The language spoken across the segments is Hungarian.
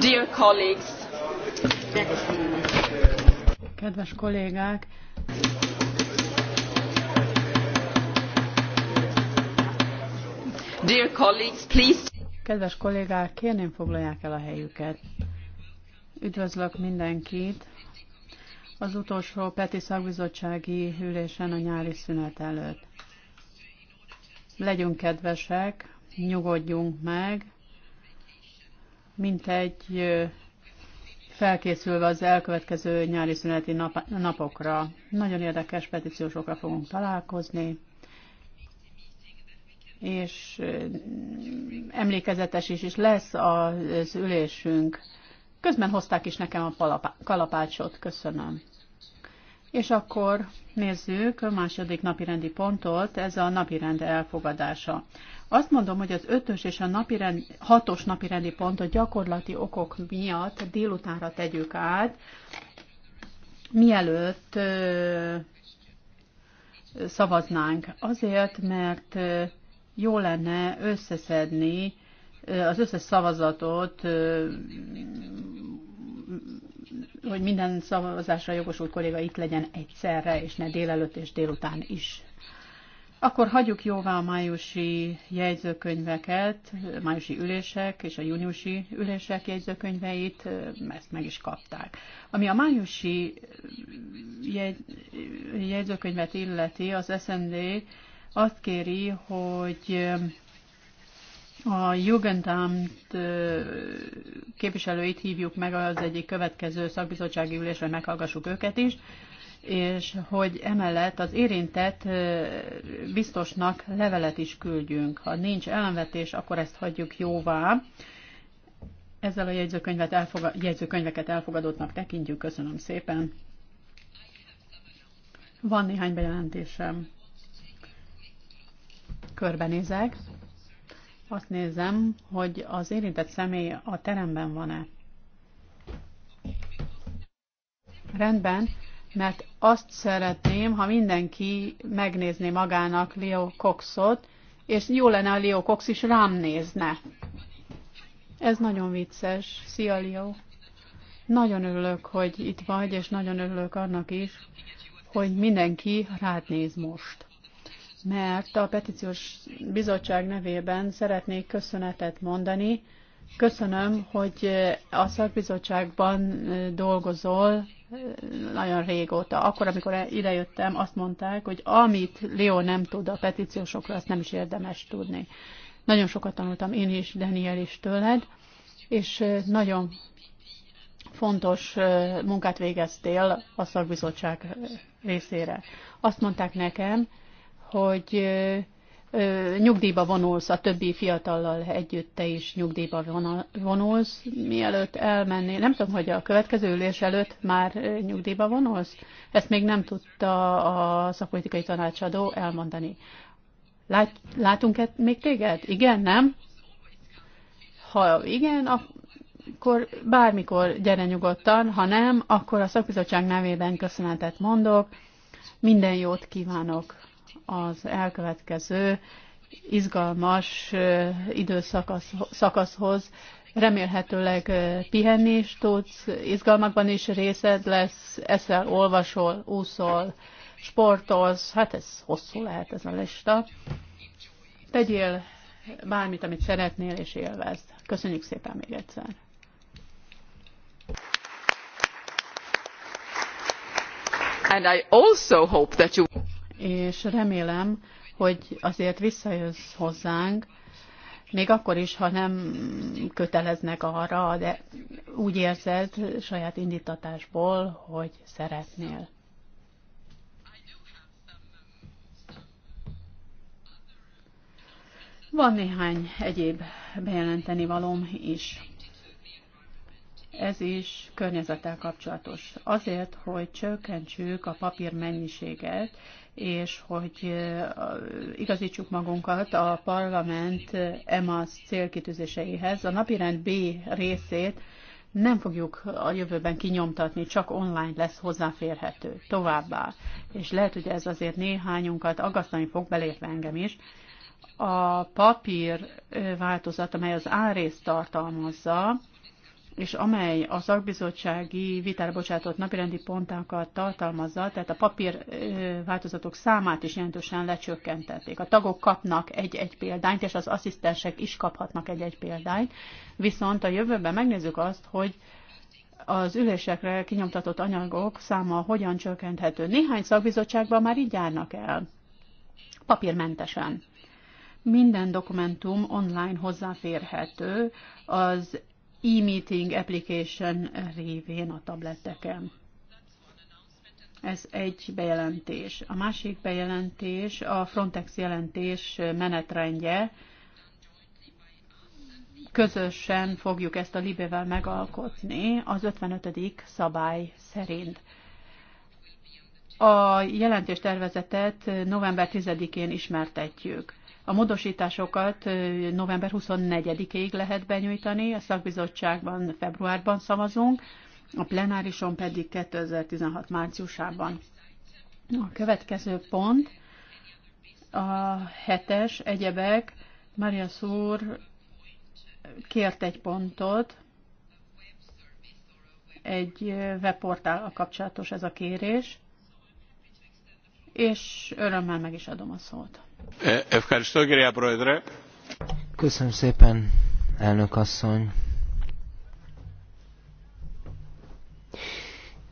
Dear colleagues. Kedves kollégák! Dear colleagues, please. Kedves kollégák, kérném foglalják el a helyüket. Üdvözlök mindenkit az utolsó Peti szakbizottsági ülésen a nyári szünet előtt. Legyünk kedvesek, nyugodjunk meg, mint egy felkészülve az elkövetkező nyári szüneti napokra. Nagyon érdekes petíciósokra fogunk találkozni, és emlékezetes is, is lesz az ülésünk. Közben hozták is nekem a kalapácsot. Köszönöm. És akkor nézzük a második napi rendi pontot, ez a napirend elfogadása. Azt mondom, hogy az ötös és a napirend, hatos napirendi pontot gyakorlati okok miatt délutánra tegyük át, mielőtt ö, szavaznánk. Azért, mert jó lenne összeszedni az összes szavazatot hogy minden szavazásra jogosult kolléga itt legyen egyszerre, és ne délelőtt és délután is. Akkor hagyjuk jóvá a májusi jegyzőkönyveket, májusi ülések és a júniusi ülések jegyzőkönyveit, ezt meg is kapták. Ami a májusi jegy, jegyzőkönyvet illeti, az SND azt kéri, hogy a Jugendamt képviselőit hívjuk meg az egyik következő szakbizottsági ülésre, meghallgassuk őket is, és hogy emellett az érintett biztosnak levelet is küldjünk. Ha nincs ellenvetés, akkor ezt hagyjuk jóvá. Ezzel a jegyzőkönyvet elfogad, jegyzőkönyveket elfogadottnak tekintjük. Köszönöm szépen. Van néhány bejelentésem. Körbenézek. Azt nézem, hogy az érintett személy a teremben van-e. Rendben, mert azt szeretném, ha mindenki megnézné magának Leo Coxot, és jó lenne, a Leo Cox is rám nézne. Ez nagyon vicces. Szia, Leo! Nagyon örülök, hogy itt vagy, és nagyon örülök annak is, hogy mindenki rád néz most mert a petíciós bizottság nevében szeretnék köszönetet mondani. Köszönöm, hogy a szakbizottságban dolgozol nagyon régóta. Akkor, amikor idejöttem, azt mondták, hogy amit Leo nem tud a petíciósokra, azt nem is érdemes tudni. Nagyon sokat tanultam én is, Daniel is tőled, és nagyon fontos munkát végeztél a szakbizottság részére. Azt mondták nekem, hogy nyugdíjba vonulsz, a többi fiatallal együtt te is nyugdíjba vonulsz, mielőtt elmennél. Nem tudom, hogy a következő ülés előtt már nyugdíjba vonulsz? Ezt még nem tudta a szakpolitikai tanácsadó elmondani. Lát, látunk-e még téged? Igen, nem? Ha igen, akkor bármikor gyere nyugodtan, ha nem, akkor a szakbizottság nevében köszönetet mondok, minden jót kívánok! az elkövetkező izgalmas időszakaszhoz. Remélhetőleg pihenni is tudsz, izgalmakban is részed lesz, eszel, olvasol, úszol, sportolsz, hát ez hosszú lehet ez a lista. Tegyél bármit, amit szeretnél, és élvezd. Köszönjük szépen még egyszer. And I also hope that you és remélem, hogy azért visszajössz hozzánk, még akkor is, ha nem köteleznek arra, de úgy érzed saját indítatásból, hogy szeretnél. Van néhány egyéb bejelenteni valóm is. Ez is környezettel kapcsolatos. Azért, hogy csökkentsük a papír mennyiséget, és hogy igazítsuk magunkat a parlament EMAS célkitűzéseihez. A napirend B részét nem fogjuk a jövőben kinyomtatni, csak online lesz hozzáférhető továbbá. És lehet, hogy ez azért néhányunkat aggasztani fog, belépve engem is. A papír változat, amely az A részt tartalmazza, és amely a szakbizottsági vitára bocsátott napirendi pontákat tartalmazza, tehát a papír változatok számát is jelentősen lecsökkentették. A tagok kapnak egy-egy példányt, és az asszisztensek is kaphatnak egy-egy példányt, viszont a jövőben megnézzük azt, hogy az ülésekre kinyomtatott anyagok száma hogyan csökkenthető. Néhány szakbizottságban már így járnak el, papírmentesen. Minden dokumentum online hozzáférhető, az e-meeting application révén a tableteken. Ez egy bejelentés. A másik bejelentés a Frontex jelentés menetrendje. Közösen fogjuk ezt a libével megalkotni az 55. szabály szerint. A jelentés tervezetet november 10-én ismertetjük. A módosításokat november 24-ig lehet benyújtani, a szakbizottságban februárban szavazunk, a plenárison pedig 2016 márciusában. A következő pont a hetes egyebek. Maria Szúr kért egy pontot, egy a kapcsolatos ez a kérés, és örömmel meg is adom a szót. Köszönöm szépen, elnök asszony.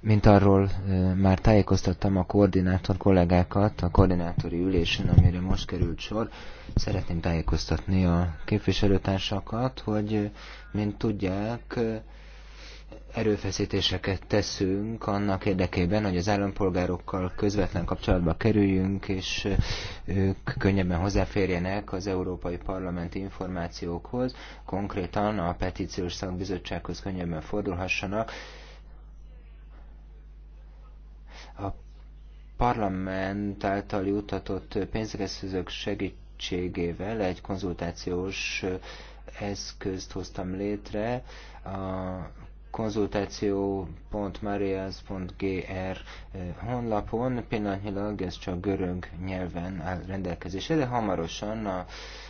Mint arról már tájékoztattam a koordinátor kollégákat a koordinátori ülésen, amire most került sor, szeretném tájékoztatni a képviselőtársakat, hogy, mint tudják, erőfeszítéseket teszünk annak érdekében, hogy az állampolgárokkal közvetlen kapcsolatba kerüljünk, és ők könnyebben hozzáférjenek az európai parlamenti információkhoz, konkrétan a petíciós szakbizottsághoz könnyebben fordulhassanak. A parlament által jutatott pénzegeszközök segítségével egy konzultációs eszközt hoztam létre, a konzultáció.marias.gr er, eh, honlapon. Pillanatnyilag ez csak görög nyelven áll rendelkezésre, de hamarosan a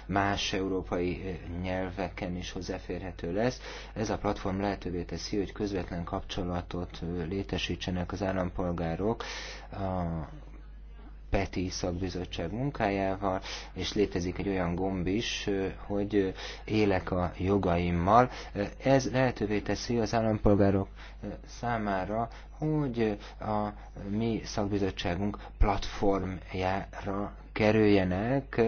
más európai eh, nyelveken is hozzáférhető lesz. Ez a platform lehetővé teszi, hogy közvetlen kapcsolatot eh, létesítsenek az állampolgárok a PETI szakbizottság munkájával, és létezik egy olyan gomb is, hogy élek a jogaimmal. Ez lehetővé teszi az állampolgárok számára, hogy a mi szakbizottságunk platformjára kerüljenek,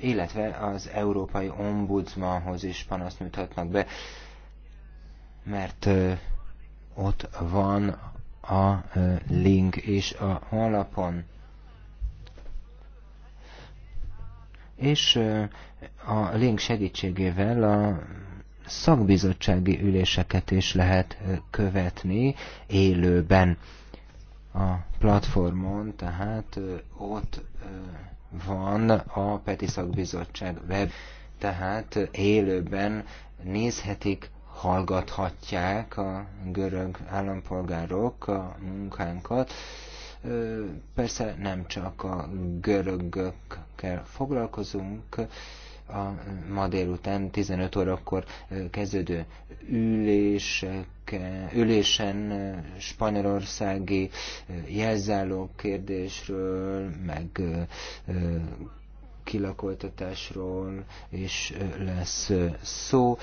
illetve az Európai Ombudsmanhoz is panaszt nyújthatnak be, mert ott van a link és a honlapon. és a link segítségével a szakbizottsági üléseket is lehet követni élőben a platformon, tehát ott van a Peti Szakbizottság web, tehát élőben nézhetik, hallgathatják a görög állampolgárok a munkánkat, Persze nem csak a görögökkel foglalkozunk, a ma délután 15 órakor kezdődő ülések, ülésen spanyolországi jelzálók kérdésről, meg kilakoltatásról is lesz szó.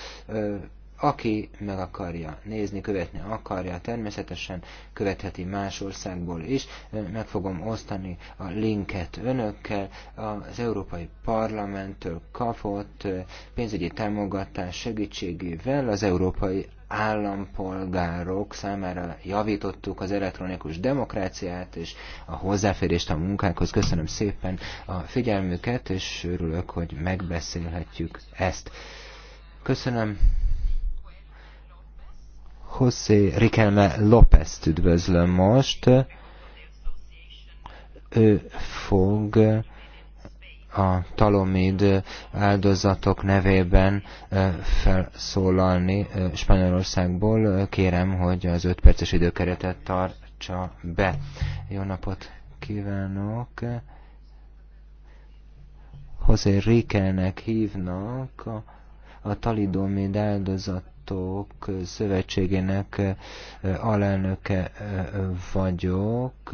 Aki meg akarja nézni, követni akarja, természetesen követheti más országból is. Meg fogom osztani a linket önökkel. Az Európai Parlamenttől kapott pénzügyi támogatás segítségével az Európai állampolgárok számára javítottuk az elektronikus demokráciát és a hozzáférést a munkánkhoz. Köszönöm szépen a figyelmüket, és örülök, hogy megbeszélhetjük ezt. Köszönöm. José Riquelme López üdvözlöm most. Ő fog a talomid áldozatok nevében felszólalni Spanyolországból. Kérem, hogy az öt perces időkeretet tartsa be. Jó napot kívánok! José Rikelnek hívnak a, a talidomid áldozat Hallgatók Szövetségének eh, alelnöke eh, vagyok.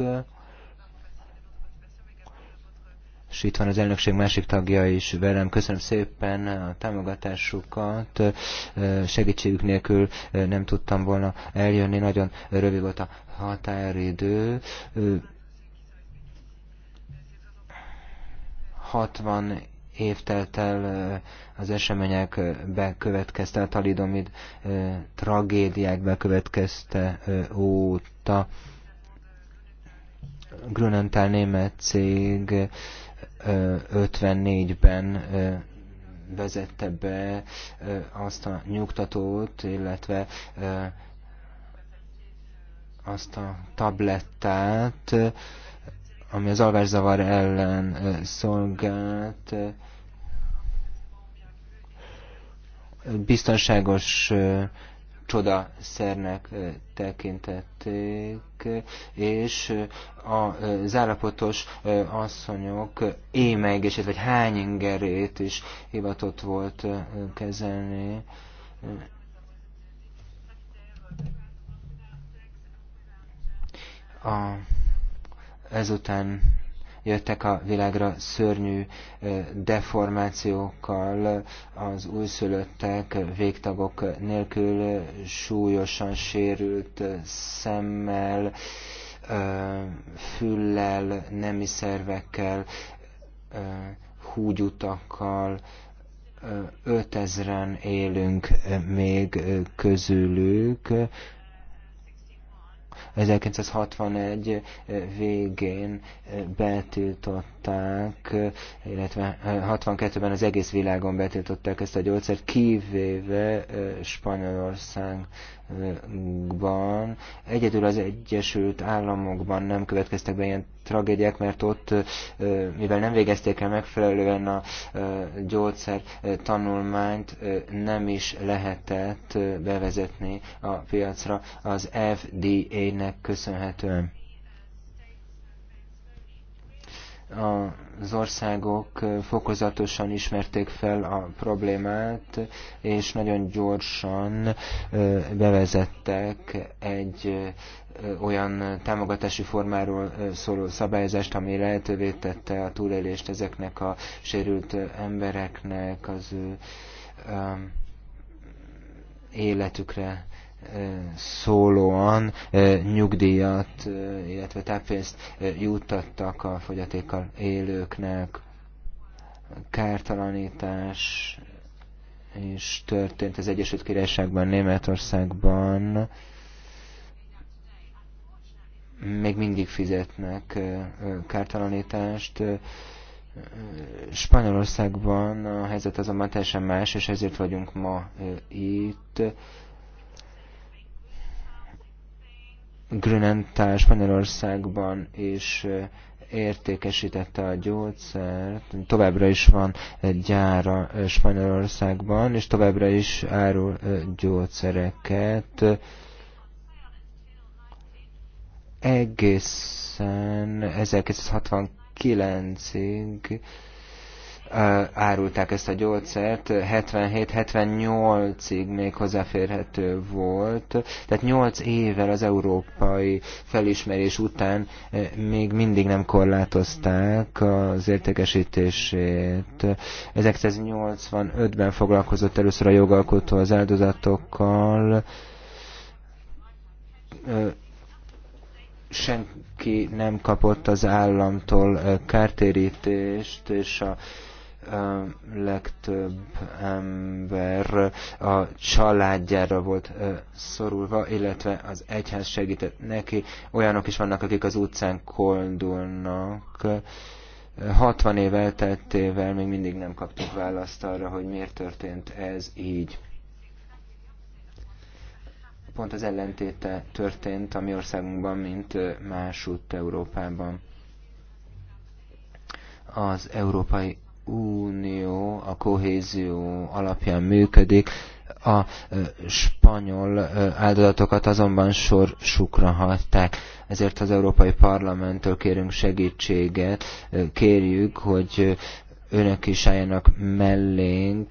És itt van az elnökség másik tagja is velem. Köszönöm szépen a támogatásukat. Eh, segítségük nélkül nem tudtam volna eljönni. Nagyon rövid volt a határidő. 60 év telt el, az események bekövetkezte, a talidomid tragédiák bekövetkezte óta. Grönenthal német cég 54-ben vezette be azt a nyugtatót, illetve azt a tablettát, ami az alvászavar ellen szolgált, biztonságos csodaszernek tekintették, és az állapotos asszonyok émeigését vagy hányingerét is hivatott volt kezelni. A Ezután jöttek a világra szörnyű deformációkkal, az újszülöttek végtagok nélkül súlyosan sérült szemmel, füllel, nemi szervekkel, húgyutakkal, 5000 élünk még közülük, 1961 végén eh, betiltott betiltották, illetve 62-ben az egész világon betiltották ezt a gyógyszert, kivéve Spanyolországban. Egyedül az Egyesült Államokban nem következtek be ilyen tragédiák, mert ott, mivel nem végezték el megfelelően a gyógyszer tanulmányt, nem is lehetett bevezetni a piacra az FDA-nek köszönhetően. az országok fokozatosan ismerték fel a problémát, és nagyon gyorsan bevezettek egy olyan támogatási formáról szóló szabályozást, ami lehetővé tette a túlélést ezeknek a sérült embereknek az ő életükre szólóan nyugdíjat, illetve tápfészt juttattak a fogyatékkal élőknek. Kártalanítás is történt az Egyesült Királyságban, Németországban. Még mindig fizetnek kártalanítást. Spanyolországban a helyzet azonban teljesen más, és ezért vagyunk ma itt Grönentál Spanyolországban is értékesítette a gyógyszert, továbbra is van egy gyára Spanyolországban, és továbbra is árul gyógyszereket. Egészen 1969-ig árulták ezt a gyógyszert, 77-78-ig még hozzáférhető volt, tehát 8 évvel az európai felismerés után eh, még mindig nem korlátozták az értékesítését. 1985-ben foglalkozott először a jogalkotó az áldozatokkal, eh, senki nem kapott az államtól eh, kártérítést, és a legtöbb ember a családjára volt szorulva, illetve az egyház segített neki. Olyanok is vannak, akik az utcán koldulnak. 60 év elteltével még mindig nem kaptuk választ arra, hogy miért történt ez így. Pont az ellentéte történt a mi országunkban, mint másutt Európában. Az Európai Unió a kohézió alapján működik, a spanyol áldozatokat azonban sorsukra hagyták. Ezért az Európai Parlamenttől kérünk segítséget, kérjük, hogy önök is álljanak mellénk,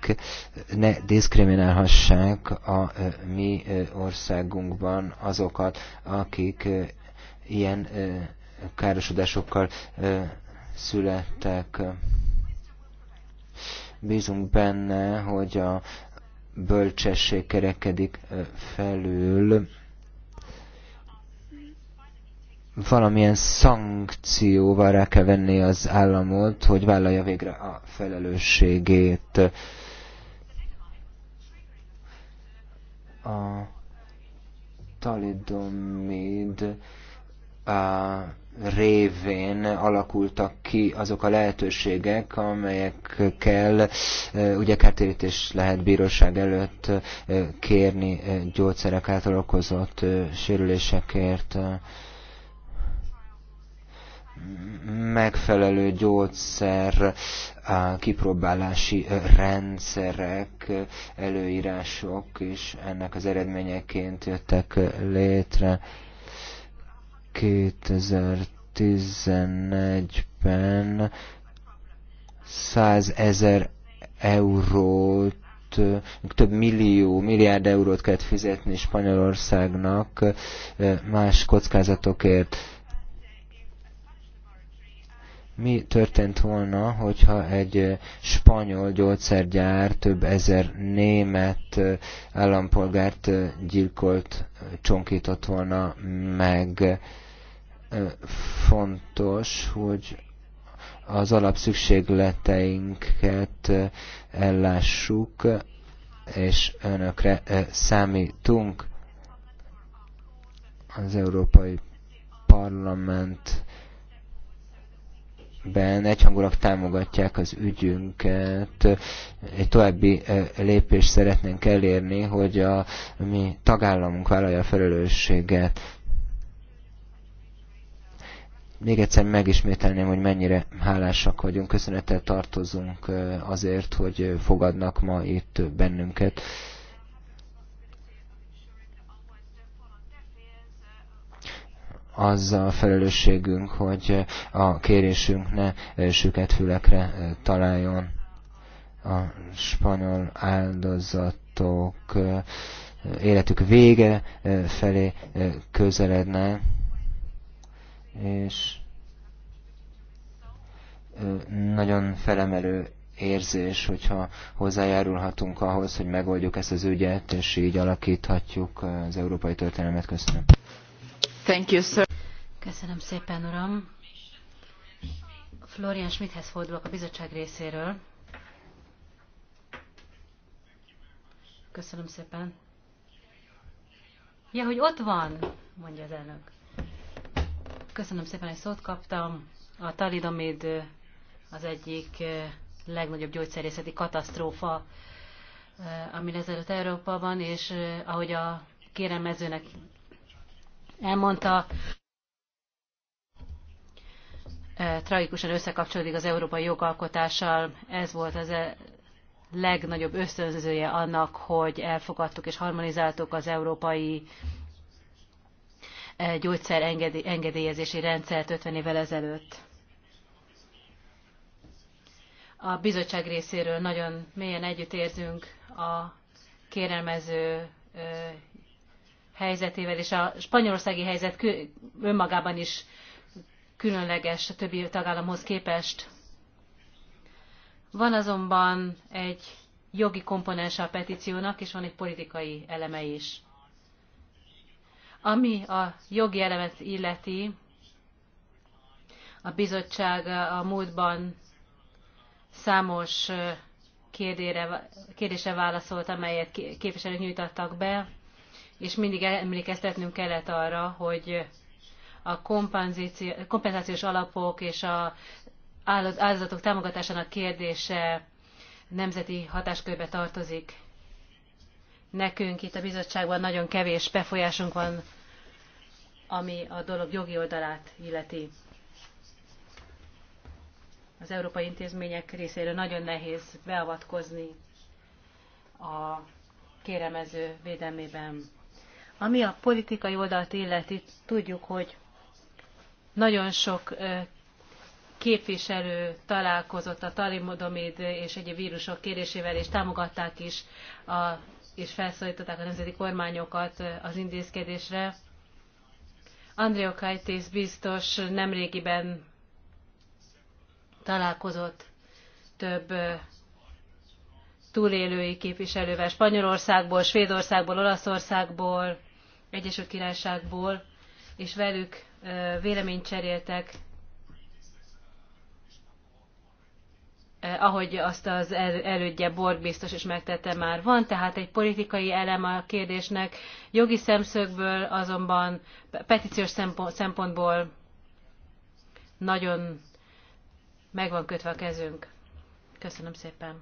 ne diszkriminálhassák a mi országunkban azokat, akik ilyen károsodásokkal születtek. Bízunk benne, hogy a bölcsesség kerekedik felül valamilyen szankcióval rá kell venni az államot, hogy vállalja végre a felelősségét. A talidomid a révén alakultak ki azok a lehetőségek, amelyekkel ugye kártérítés lehet bíróság előtt kérni gyógyszerek által okozott sérülésekért megfelelő gyógyszer kipróbálási rendszerek, előírások, és ennek az eredményeként jöttek létre. 2011-ben 100 ezer eurót, több millió, milliárd eurót kellett fizetni Spanyolországnak más kockázatokért. Mi történt volna, hogyha egy spanyol gyógyszergyár több ezer német állampolgárt gyilkolt, csonkított volna meg? fontos, hogy az alapszükségleteinket ellássuk, és önökre számítunk az Európai Parlamentben egyhangulag támogatják az ügyünket. Egy további lépést szeretnénk elérni, hogy a mi tagállamunk vállalja a felelősséget még egyszer megismételném, hogy mennyire hálásak vagyunk, köszönettel tartozunk azért, hogy fogadnak ma itt bennünket. az a felelősségünk, hogy a kérésünk ne süket fülekre találjon. A spanyol áldozatok életük vége felé közeledne és nagyon felemelő érzés, hogyha hozzájárulhatunk ahhoz, hogy megoldjuk ezt az ügyet, és így alakíthatjuk az európai történelmet. Köszönöm. Thank you, sir. Köszönöm szépen, uram. Florian Schmidthez fordulok a bizottság részéről. Köszönöm szépen. Ja, hogy ott van, mondja az elnök. Köszönöm szépen, hogy szót kaptam. A talidomid az egyik legnagyobb gyógyszerészeti katasztrófa, ami ezelőtt Európában, és ahogy a kéremezőnek elmondta, tragikusan összekapcsolódik az európai jogalkotással. Ez volt az e, legnagyobb ösztönzője annak, hogy elfogadtuk és harmonizáltuk az európai gyógyszer engedélyezési rendszert 50 évvel ezelőtt. A bizottság részéről nagyon mélyen együttérzünk a kérelmező helyzetével, és a spanyolországi helyzet önmagában is különleges a többi tagállamhoz képest. Van azonban egy jogi komponens a petíciónak, és van egy politikai eleme is. Ami a jogi elemet illeti, a bizottság a múltban számos kérdére, kérdésre válaszolt, amelyet képviselők nyújtattak be, és mindig emlékeztetnünk kellett arra, hogy a kompenzációs alapok és a áldozatok támogatásának kérdése nemzeti hatáskörbe tartozik. Nekünk itt a bizottságban nagyon kevés befolyásunk van, ami a dolog jogi oldalát illeti. Az európai intézmények részéről nagyon nehéz beavatkozni a kéremező védelmében. Ami a politikai oldalt illeti, tudjuk, hogy nagyon sok képviselő találkozott a talimodomid és egyéb vírusok kérésével, és támogatták is a és felszólították a nemzeti kormányokat az intézkedésre. Andrea Kaitis biztos nemrégiben találkozott több túlélői képviselővel Spanyolországból, Svédországból, Olaszországból, Egyesült Királyságból, és velük véleményt cseréltek Eh, ahogy azt az elődje Borg biztos is megtette már van, tehát egy politikai elem a kérdésnek, jogi szemszögből azonban petíciós szempontból nagyon meg van kötve a kezünk. Köszönöm szépen.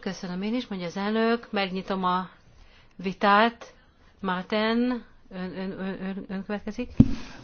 Köszönöm én is, mondja az elnök. Megnyitom a vitát. Máten, ön, ön, ön, ön, ön következik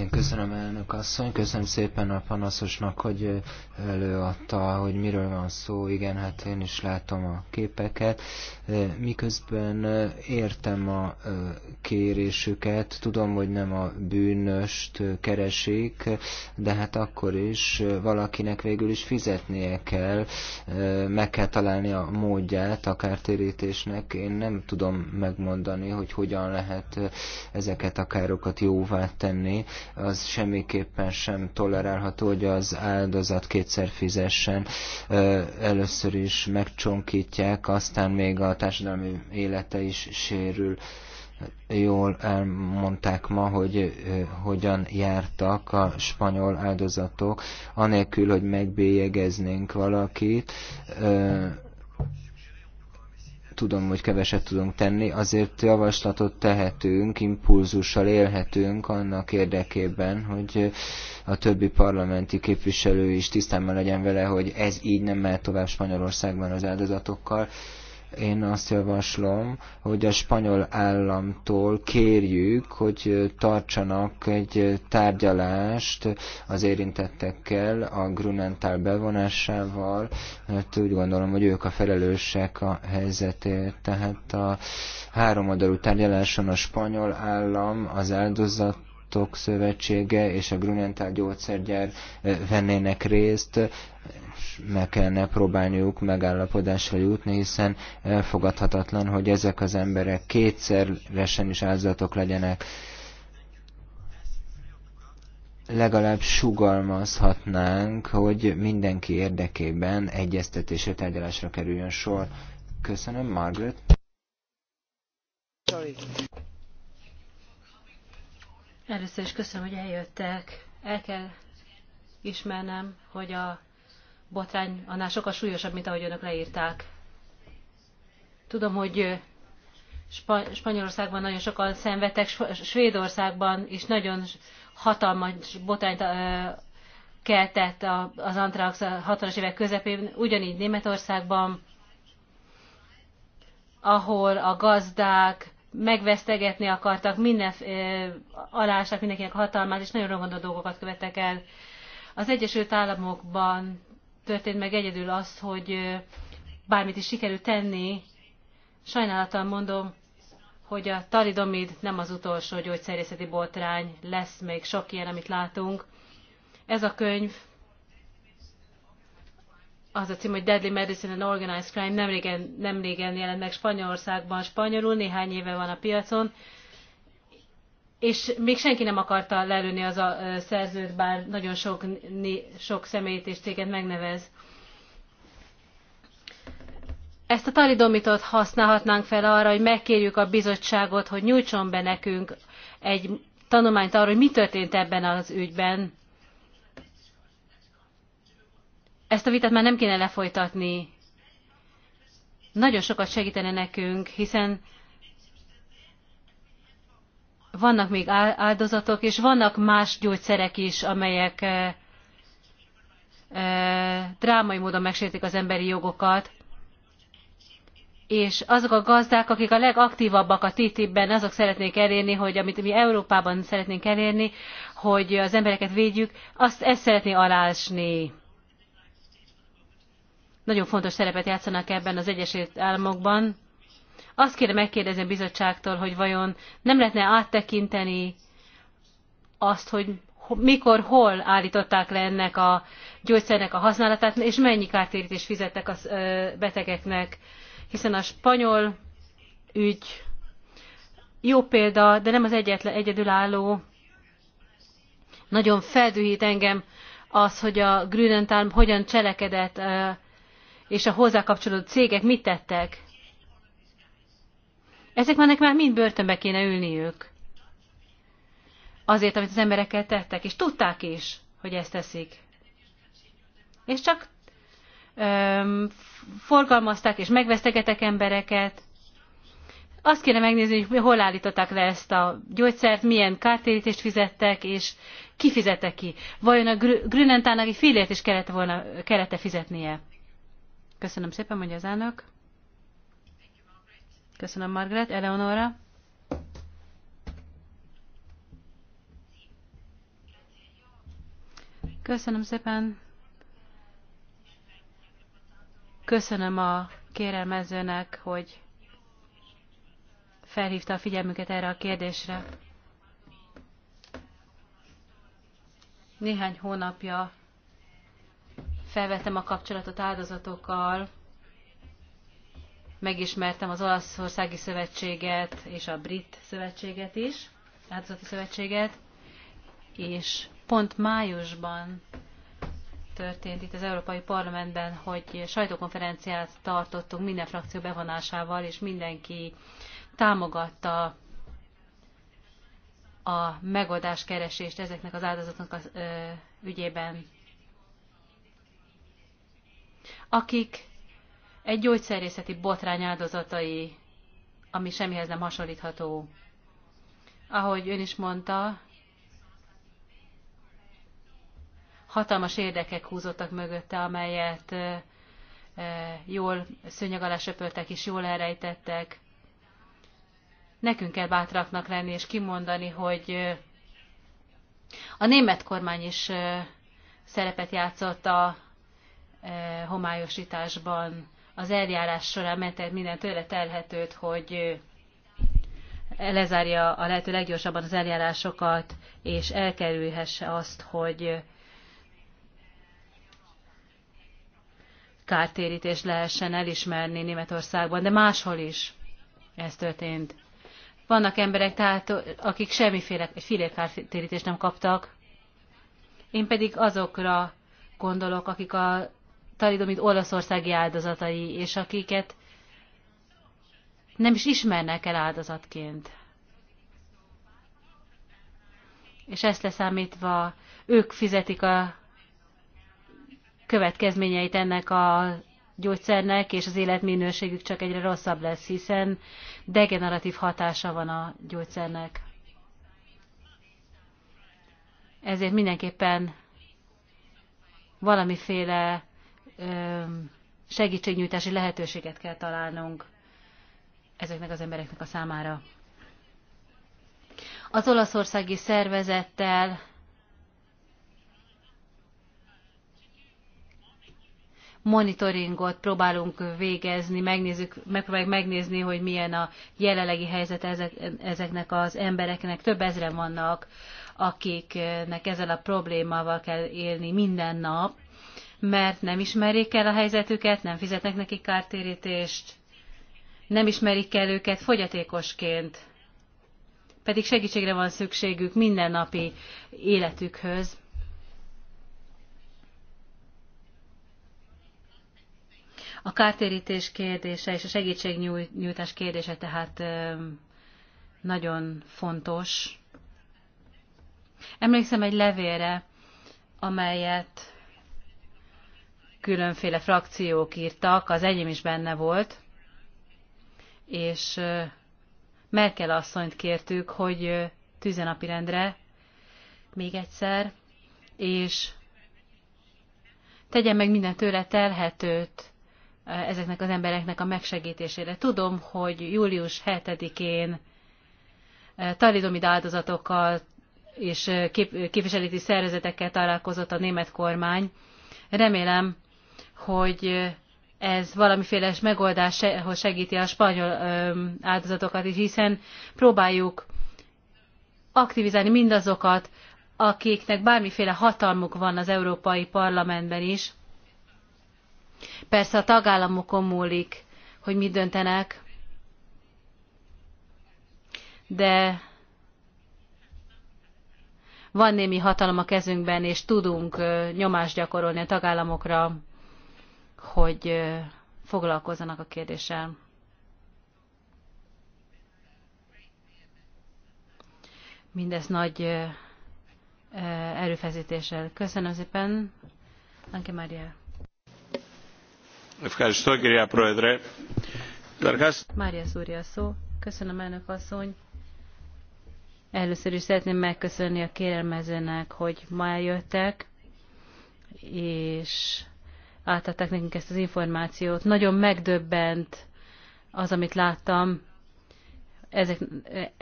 én köszönöm elnök asszony, köszönöm szépen a panaszosnak, hogy előadta, hogy miről van szó. Igen, hát én is látom a képeket. Miközben értem a kérésüket, tudom, hogy nem a bűnöst keresik, de hát akkor is valakinek végül is fizetnie kell, meg kell találni a módját a kártérítésnek. Én nem tudom megmondani, hogy hogyan lehet ezeket a károkat jóvá tenni, az semmiképpen sem tolerálható, hogy az áldozat kétszer fizessen. Először is megcsonkítják, aztán még a társadalmi élete is sérül jól elmondták ma, hogy hogyan jártak a spanyol áldozatok, anélkül, hogy megbélyegeznénk valakit, tudom, hogy keveset tudunk tenni, azért javaslatot tehetünk, impulzussal élhetünk annak érdekében, hogy a többi parlamenti képviselő is tisztában legyen vele, hogy ez így nem mehet tovább Spanyolországban az áldozatokkal, én azt javaslom, hogy a spanyol államtól kérjük, hogy tartsanak egy tárgyalást az érintettekkel, a Grunenthal bevonásával, mert hát úgy gondolom, hogy ők a felelősek a helyzetért. Tehát a háromadalú tárgyaláson a spanyol állam, az áldozat, Szövetsége és a Grunenthal gyógyszergyár vennének részt meg kellene próbálniuk megállapodásra jutni, hiszen elfogadhatatlan, hogy ezek az emberek kétszeresen is áldozatok legyenek. Legalább sugalmazhatnánk, hogy mindenki érdekében egyeztetésre, tárgyalásra kerüljön sor. Köszönöm, Margaret. Először is köszönöm, hogy eljöttek. El kell ismernem, hogy a botrány annál sokkal súlyosabb, mint ahogy önök leírták. Tudom, hogy Spanyolországban nagyon sokan szenvedtek, Svédországban is nagyon hatalmas botrányt keltett az antrax 60-as évek közepén, ugyanígy Németországban, ahol a gazdák megvesztegetni akartak, minden alásak mindenkinek hatalmát, és nagyon rongondó dolgokat követtek el. Az Egyesült Államokban történt meg egyedül az, hogy bármit is sikerült tenni. Sajnálattal mondom, hogy a talidomid nem az utolsó gyógyszerészeti botrány, lesz még sok ilyen, amit látunk. Ez a könyv, az a cím, hogy Deadly Medicine and Organized Crime, nemrégen, nemrégen jelent meg Spanyolországban, spanyolul, néhány éve van a piacon, és még senki nem akarta lelőni az a szerzőt, bár nagyon sok, sok személyt és céget megnevez. Ezt a talidomitot használhatnánk fel arra, hogy megkérjük a bizottságot, hogy nyújtson be nekünk egy tanulmányt arról, hogy mi történt ebben az ügyben. Ezt a vitát már nem kéne lefolytatni. Nagyon sokat segítene nekünk, hiszen vannak még áldozatok, és vannak más gyógyszerek is, amelyek e, e, drámai módon megsértik az emberi jogokat, és azok a gazdák, akik a legaktívabbak a TTIP-ben, azok szeretnék elérni, hogy amit mi Európában szeretnénk elérni, hogy az embereket védjük, azt ezt szeretné alásni. Nagyon fontos szerepet játszanak ebben az Egyesült Államokban, azt kéne megkérdezni a bizottságtól, hogy vajon nem lehetne áttekinteni azt, hogy mikor, hol állították le ennek a gyógyszernek a használatát, és mennyi kártérítést fizettek a betegeknek, hiszen a spanyol ügy jó példa, de nem az egyetlen, egyedülálló. Nagyon feldühít engem az, hogy a Grünenthal hogyan cselekedett, és a hozzá kapcsolódó cégek mit tettek. Ezek mennek már mind börtönbe kéne ülniük. Azért, amit az emberekkel tettek, és tudták is, hogy ezt teszik. És csak öm, forgalmazták és megvesztegetek embereket. Azt kéne megnézni, hogy hol állították le ezt a gyógyszert, milyen kártérítést fizettek, és ki fizette ki. Vajon a Grünentának egy félért is kellett volna, kellett -e fizetnie? Köszönöm szépen, mondja az elnök. Köszönöm, Margaret. Eleonora? Köszönöm szépen. Köszönöm a kérelmezőnek, hogy felhívta a figyelmüket erre a kérdésre. Néhány hónapja felvettem a kapcsolatot áldozatokkal, megismertem az Olaszországi Szövetséget és a Brit Szövetséget is, áldozati szövetséget, és pont májusban történt itt az Európai Parlamentben, hogy sajtókonferenciát tartottunk minden frakció bevonásával, és mindenki támogatta a megoldás keresést ezeknek az áldozatoknak az ö, ügyében. Akik egy gyógyszerészeti botrány áldozatai, ami semmihez nem hasonlítható. Ahogy ön is mondta, hatalmas érdekek húzottak mögötte, amelyet jól szőnyeg alá söpöltek és jól elrejtettek. Nekünk kell bátraknak lenni és kimondani, hogy a német kormány is szerepet játszott a homályosításban az eljárás során mentett minden tőle telhetőt, hogy lezárja a lehető leggyorsabban az eljárásokat, és elkerülhesse azt, hogy kártérítést lehessen elismerni Németországban, de máshol is ez történt. Vannak emberek, tehát, akik semmiféle filérkártérítést nem kaptak. Én pedig azokra gondolok, akik a talidomid olaszországi áldozatai, és akiket nem is ismernek el áldozatként. És ezt leszámítva ők fizetik a következményeit ennek a gyógyszernek, és az életminőségük csak egyre rosszabb lesz, hiszen degeneratív hatása van a gyógyszernek. Ezért mindenképpen valamiféle segítségnyújtási lehetőséget kell találnunk ezeknek az embereknek a számára. Az olaszországi szervezettel monitoringot próbálunk végezni, megnézzük, megpróbáljuk megnézni, hogy milyen a jelenlegi helyzet ezek, ezeknek az embereknek. Több ezren vannak, akiknek ezzel a problémával kell élni minden nap, mert nem ismerik el a helyzetüket, nem fizetnek nekik kártérítést, nem ismerik el őket fogyatékosként, pedig segítségre van szükségük mindennapi életükhöz. A kártérítés kérdése és a segítségnyújtás kérdése tehát nagyon fontos. Emlékszem egy levélre, amelyet különféle frakciók írtak, az enyém is benne volt, és Merkel asszonyt kértük, hogy tűze napirendre még egyszer, és tegyen meg minden tőle telhetőt ezeknek az embereknek a megsegítésére. Tudom, hogy július 7-én talidomid áldozatokkal és kép, képviseleti szervezetekkel találkozott a német kormány. Remélem, hogy ez valamiféle hogy segíti a spanyol áldozatokat is, hiszen próbáljuk aktivizálni mindazokat, akiknek bármiféle hatalmuk van az Európai Parlamentben is. Persze a tagállamokon múlik, hogy mit döntenek, de van némi hatalom a kezünkben, és tudunk nyomást gyakorolni a tagállamokra hogy foglalkozzanak a kérdéssel. Mindez nagy erőfeszítéssel. Köszönöm szépen. Anke Mária. Mária Szúria a szó. Köszönöm elnök asszony. Először is szeretném megköszönni a kérelmezőnek, hogy ma eljöttek, és átadták nekünk ezt az információt. Nagyon megdöbbent az, amit láttam. Ezek, e,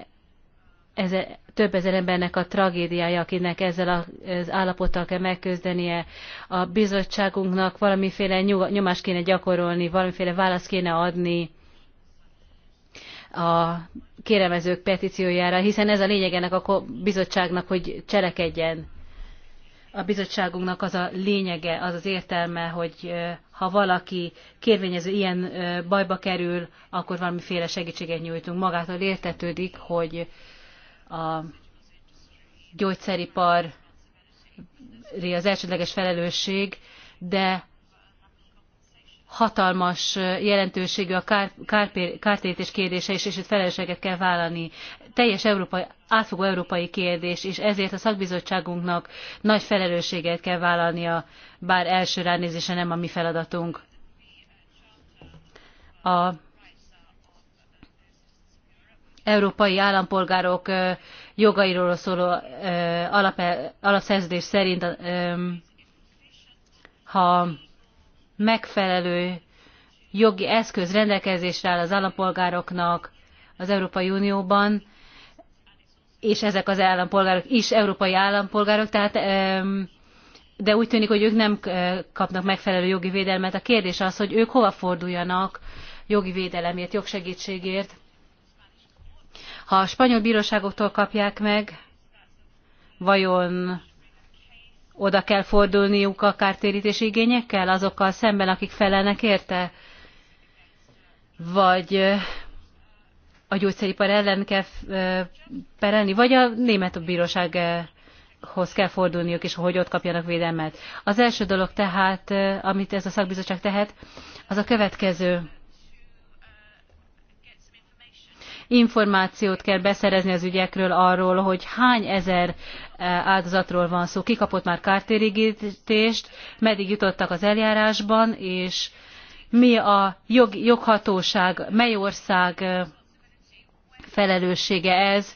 ezek több ezer embernek a tragédiája, akinek ezzel az állapottal kell megközdenie. A bizottságunknak valamiféle nyomást kéne gyakorolni, valamiféle választ kéne adni a kéremezők petíciójára, hiszen ez a lényeg ennek a bizottságnak, hogy cselekedjen a bizottságunknak az a lényege, az az értelme, hogy ha valaki kérvényező ilyen bajba kerül, akkor valamiféle segítséget nyújtunk. Magától értetődik, hogy a gyógyszeripar az elsődleges felelősség, de hatalmas jelentőségű a kár, kérdése is, és itt felelősséget kell vállalni. Teljes európai, átfogó európai kérdés, és ezért a szakbizottságunknak nagy felelősséget kell vállalnia, bár első ránézése nem a mi feladatunk. A európai állampolgárok jogairól szóló alapszerződés szerint, ha megfelelő jogi eszköz rendelkezésre áll az állampolgároknak az Európai Unióban, és ezek az állampolgárok is európai állampolgárok, tehát de úgy tűnik, hogy ők nem eh, kapnak megfelelő jogi védelmet. A kérdés az, hogy ők hova forduljanak jogi védelemért, jogsegítségért. Ha a spanyol bíróságoktól kapják meg, vajon oda kell fordulniuk a kártérítési igényekkel azokkal szemben, akik felelnek érte? Vagy a gyógyszeripar ellen kell perelni, vagy a német bírósághoz kell fordulniuk, és hogy ott kapjanak védelmet. Az első dolog tehát, amit ez a szakbizottság tehet, az a következő információt kell beszerezni az ügyekről arról, hogy hány ezer eh, áldozatról van szó, kikapott már kártérítést, meddig jutottak az eljárásban, és mi a jog, joghatóság, mely ország eh, felelőssége ez,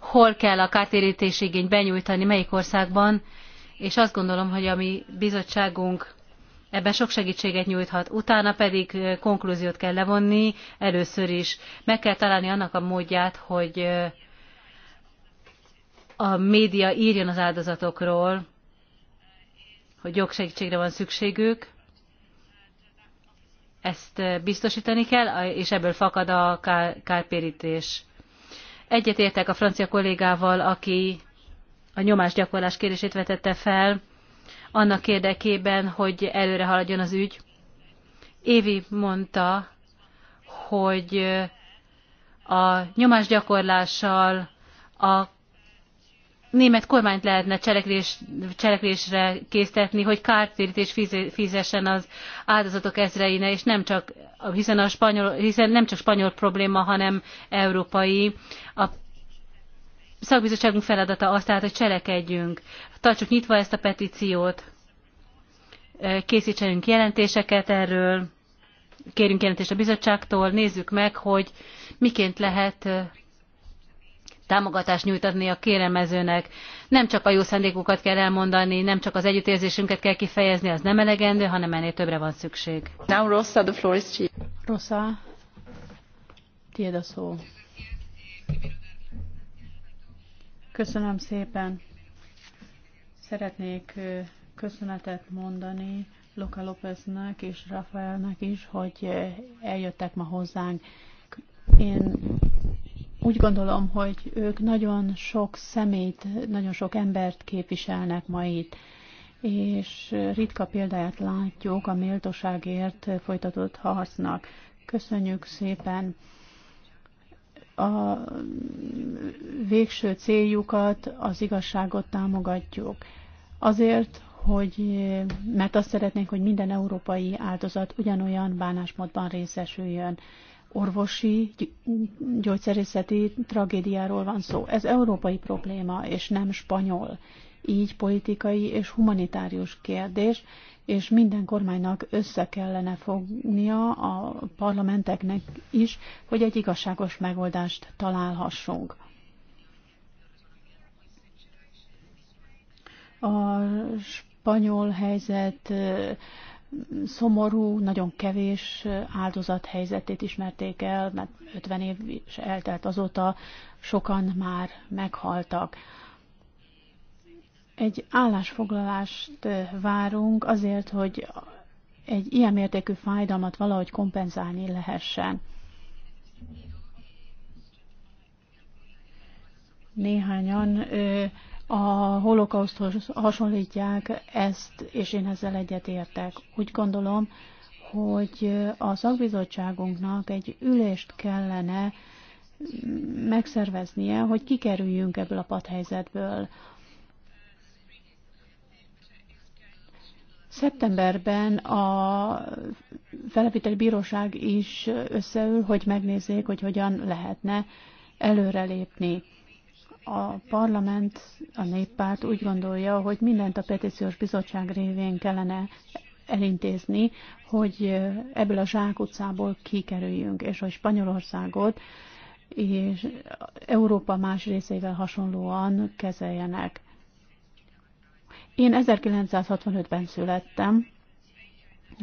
hol kell a kártérítés igényt benyújtani, melyik országban, és azt gondolom, hogy a mi bizottságunk ebben sok segítséget nyújthat, utána pedig konklúziót kell levonni először is. Meg kell találni annak a módját, hogy a média írjon az áldozatokról, hogy jogsegítségre van szükségük, ezt biztosítani kell, és ebből fakad a kár, kárpérítés. Egyetértek a francia kollégával, aki a nyomásgyakorlás kérését vetette fel, annak érdekében, hogy előre haladjon az ügy. Évi mondta, hogy a nyomásgyakorlással a német kormányt lehetne cselekvés, cselekvésre késztetni, hogy kártérítés fizessen az áldozatok ezreine, és nem csak, hiszen, a spanyol, hiszen nem csak spanyol probléma, hanem európai. A szakbizottságunk feladata az tehát, hogy cselekedjünk. Tartsuk nyitva ezt a petíciót, készítsenünk jelentéseket erről, kérünk jelentést a bizottságtól, nézzük meg, hogy miként lehet támogatást nyújtatni a kérelmezőnek. Nem csak a jó szándékokat kell elmondani, nem csak az együttérzésünket kell kifejezni, az nem elegendő, hanem ennél többre van szükség. Now Rosa, the floor is cheap. Rosa, tiéd a szó. Köszönöm szépen. Szeretnék köszönetet mondani Luca Lópeznek és Rafaelnek is, hogy eljöttek ma hozzánk. Én úgy gondolom, hogy ők nagyon sok szemét, nagyon sok embert képviselnek ma itt, és ritka példáját látjuk a méltóságért folytatott harcnak. Köszönjük szépen! a végső céljukat, az igazságot támogatjuk. Azért, hogy, mert azt szeretnénk, hogy minden európai áldozat ugyanolyan bánásmódban részesüljön. Orvosi, gyógyszerészeti tragédiáról van szó. Ez európai probléma, és nem spanyol így politikai és humanitárius kérdés, és minden kormánynak össze kellene fognia a parlamenteknek is, hogy egy igazságos megoldást találhassunk. A spanyol helyzet szomorú, nagyon kevés áldozat helyzetét ismerték el, mert 50 év is eltelt azóta, sokan már meghaltak. Egy állásfoglalást várunk azért, hogy egy ilyen mértékű fájdalmat valahogy kompenzálni lehessen. Néhányan a holokauszthoz hasonlítják ezt, és én ezzel egyetértek. Úgy gondolom, hogy a szakbizottságunknak egy ülést kellene mm, megszerveznie, hogy kikerüljünk ebből a padhelyzetből. Szeptemberben a felépített bíróság is összeül, hogy megnézzék, hogy hogyan lehetne előrelépni. A parlament, a néppárt úgy gondolja, hogy mindent a petíciós bizottság révén kellene elintézni, hogy ebből a zsákutcából kikerüljünk, és hogy Spanyolországot és Európa más részeivel hasonlóan kezeljenek. Én 1965-ben születtem,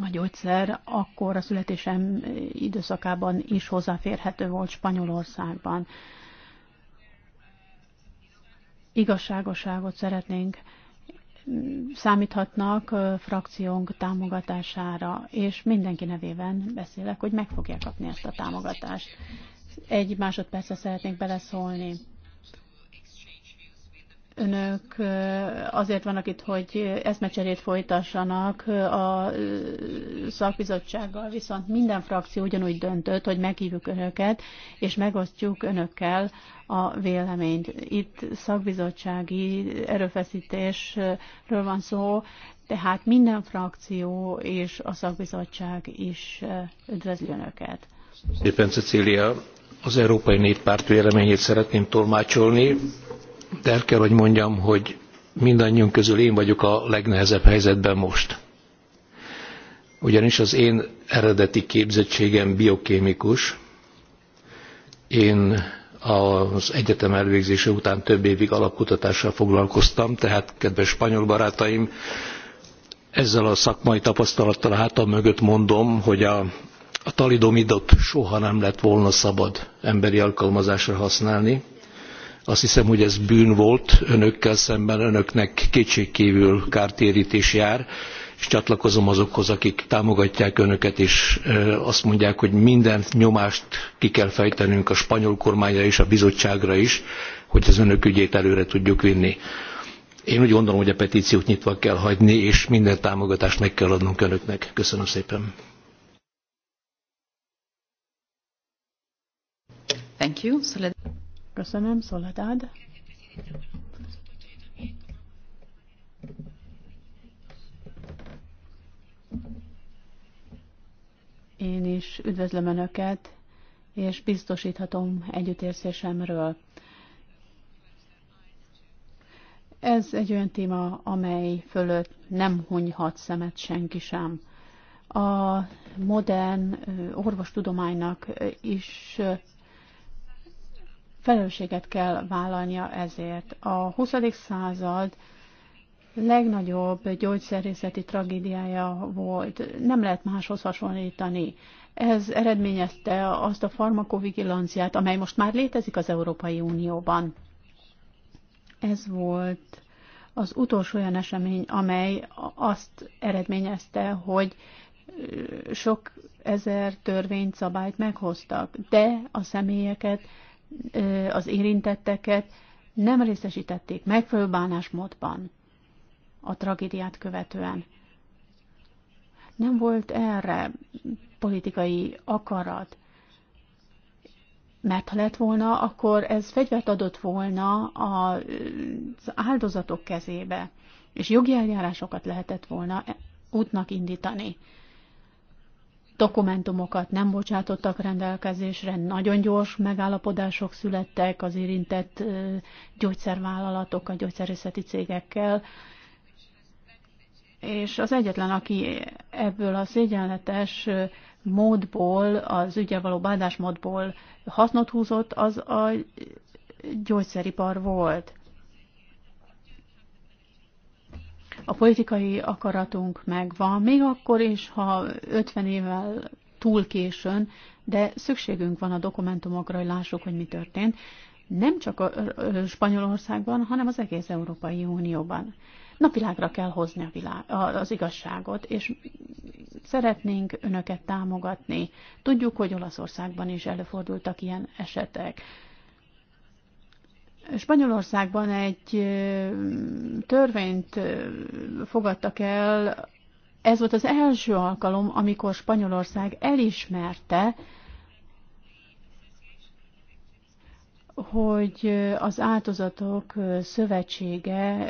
a gyógyszer akkor a születésem időszakában is hozzáférhető volt Spanyolországban. Igazságoságot szeretnénk számíthatnak frakciónk támogatására, és mindenki nevében beszélek, hogy meg fogják kapni ezt a támogatást. Egy másodpercre szeretnék beleszólni önök azért vannak itt, hogy eszmecserét folytassanak a szakbizottsággal, viszont minden frakció ugyanúgy döntött, hogy meghívjuk önöket, és megosztjuk önökkel a véleményt. Itt szakbizottsági erőfeszítésről van szó, tehát minden frakció és a szakbizottság is üdvözli önöket. Szépen Cecília, az Európai Néppárt véleményét szeretném tolmácsolni de el kell, hogy mondjam, hogy mindannyiunk közül én vagyok a legnehezebb helyzetben most. Ugyanis az én eredeti képzettségem biokémikus. Én az egyetem elvégzése után több évig alapkutatással foglalkoztam, tehát kedves spanyol barátaim, ezzel a szakmai tapasztalattal a hátam mögött mondom, hogy a, a talidomidot soha nem lett volna szabad emberi alkalmazásra használni, azt hiszem, hogy ez bűn volt önökkel szemben, önöknek kétségkívül kártérítés jár, és csatlakozom azokhoz, akik támogatják önöket, és azt mondják, hogy minden nyomást ki kell fejtenünk a spanyol kormányra és a bizottságra is, hogy az önök ügyét előre tudjuk vinni. Én úgy gondolom, hogy a petíciót nyitva kell hagyni, és minden támogatást meg kell adnunk önöknek. Köszönöm szépen. Thank you. Köszönöm, Szoledád. Én is üdvözlöm Önöket, és biztosíthatom együttérzésemről. Ez egy olyan téma, amely fölött nem hunyhat szemet senki sem. A modern orvostudománynak is felelősséget kell vállalnia ezért. A 20. század legnagyobb gyógyszerészeti tragédiája volt. Nem lehet máshoz hasonlítani. Ez eredményezte azt a farmakovigilanciát, amely most már létezik az Európai Unióban. Ez volt az utolsó olyan esemény, amely azt eredményezte, hogy sok ezer törvényt, szabályt meghoztak, de a személyeket az érintetteket nem részesítették megfelelő bánásmódban a tragédiát követően. Nem volt erre politikai akarat, mert ha lett volna, akkor ez fegyvert adott volna az áldozatok kezébe, és jogi eljárásokat lehetett volna e-, útnak indítani dokumentumokat nem bocsátottak rendelkezésre, nagyon gyors megállapodások születtek az érintett gyógyszervállalatok, a gyógyszerészeti cégekkel, és az egyetlen, aki ebből a szégyenletes módból, az ügye való bádásmódból hasznot húzott, az a gyógyszeripar volt. A politikai akaratunk megvan, még akkor is, ha 50 évvel túl későn, de szükségünk van a dokumentumokra, hogy lássuk, hogy mi történt, nem csak a Spanyolországban, hanem az egész Európai Unióban. Napvilágra kell hozni a világ, az igazságot, és szeretnénk önöket támogatni. Tudjuk, hogy Olaszországban is előfordultak ilyen esetek. Spanyolországban egy törvényt fogadtak el, ez volt az első alkalom, amikor Spanyolország elismerte, hogy az áldozatok szövetsége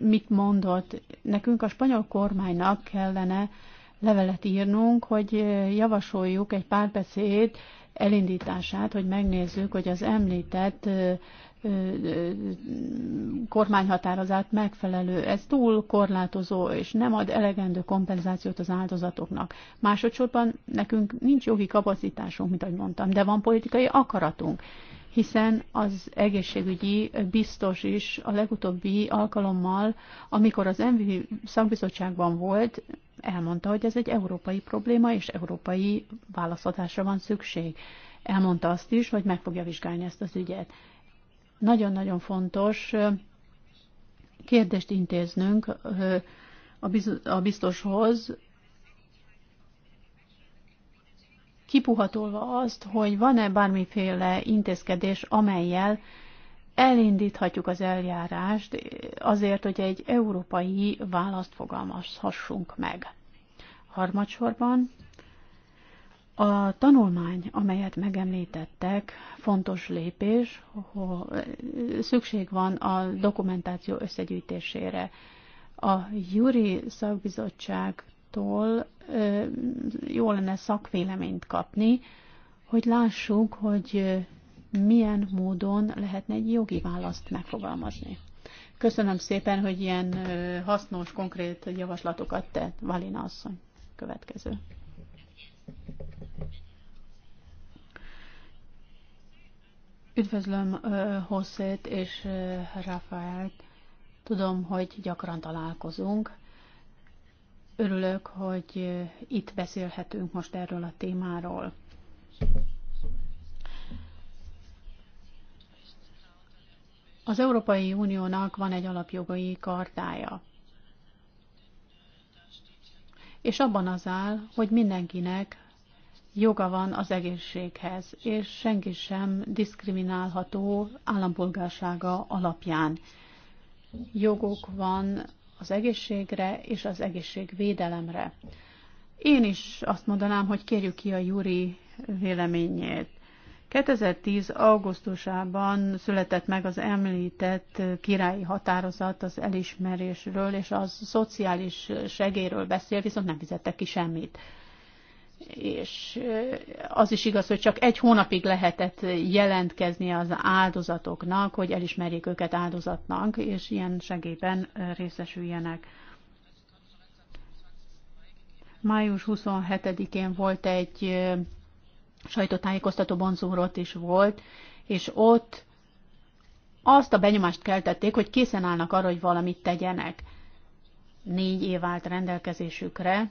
mit mondott. Nekünk a spanyol kormánynak kellene levelet írnunk, hogy javasoljuk egy párbeszéd elindítását, hogy megnézzük, hogy az említett kormányhatározat megfelelő. Ez túl korlátozó, és nem ad elegendő kompenzációt az áldozatoknak. Másodszorban nekünk nincs jogi kapacitásunk, mint ahogy mondtam, de van politikai akaratunk hiszen az egészségügyi biztos is a legutóbbi alkalommal, amikor az MV szakbizottságban volt, elmondta, hogy ez egy európai probléma, és európai válaszadásra van szükség. Elmondta azt is, hogy meg fogja vizsgálni ezt az ügyet. Nagyon-nagyon fontos kérdést intéznünk a biztoshoz, kipuhatolva azt, hogy van-e bármiféle intézkedés, amelyel elindíthatjuk az eljárást azért, hogy egy európai választ fogalmazhassunk meg. Harmadsorban a tanulmány, amelyet megemlítettek, fontos lépés, hogy szükség van a dokumentáció összegyűjtésére. A Júri Szakbizottság úrtól jó lenne szakvéleményt kapni, hogy lássuk, hogy milyen módon lehetne egy jogi választ megfogalmazni. Köszönöm szépen, hogy ilyen hasznos, konkrét javaslatokat tett Valina asszony. Következő. Üdvözlöm Hosszét és Rafaelt. Tudom, hogy gyakran találkozunk. Örülök, hogy itt beszélhetünk most erről a témáról. Az Európai Uniónak van egy alapjogai kartája. És abban az áll, hogy mindenkinek joga van az egészséghez, és senki sem diszkriminálható állampolgársága alapján. Jogok van az egészségre és az egészségvédelemre. Én is azt mondanám, hogy kérjük ki a Juri véleményét. 2010. augusztusában született meg az említett királyi határozat az elismerésről és a szociális segéről beszél, viszont nem fizette ki semmit és az is igaz, hogy csak egy hónapig lehetett jelentkezni az áldozatoknak, hogy elismerjék őket áldozatnak, és ilyen segélyben részesüljenek. Május 27-én volt egy sajtótájékoztató bonzúrot is volt, és ott azt a benyomást keltették, hogy készen állnak arra, hogy valamit tegyenek. Négy év állt rendelkezésükre,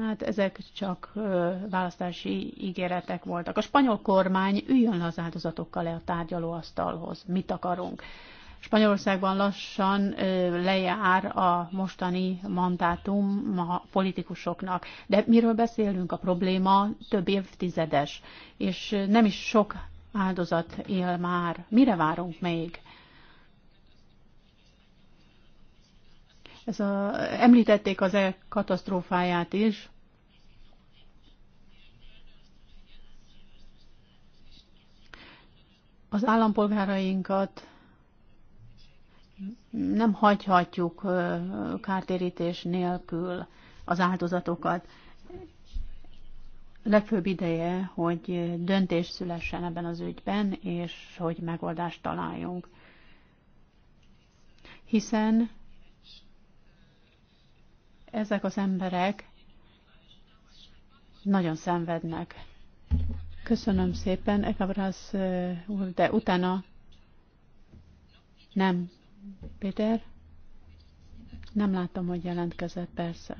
Hát ezek csak választási ígéretek voltak. A spanyol kormány üljön le az áldozatokkal le a tárgyalóasztalhoz. Mit akarunk? Spanyolországban lassan lejár a mostani mandátum a politikusoknak. De miről beszélünk? A probléma több évtizedes, és nem is sok áldozat él már. Mire várunk még? Ez a, említették az e katasztrófáját is. Az állampolgárainkat nem hagyhatjuk kártérítés nélkül az áldozatokat. Legfőbb ideje, hogy döntés szülessen ebben az ügyben, és hogy megoldást találjunk. Hiszen ezek az emberek nagyon szenvednek. Köszönöm szépen, Ekabrász úr, de utána nem, Péter, nem látom, hogy jelentkezett, persze.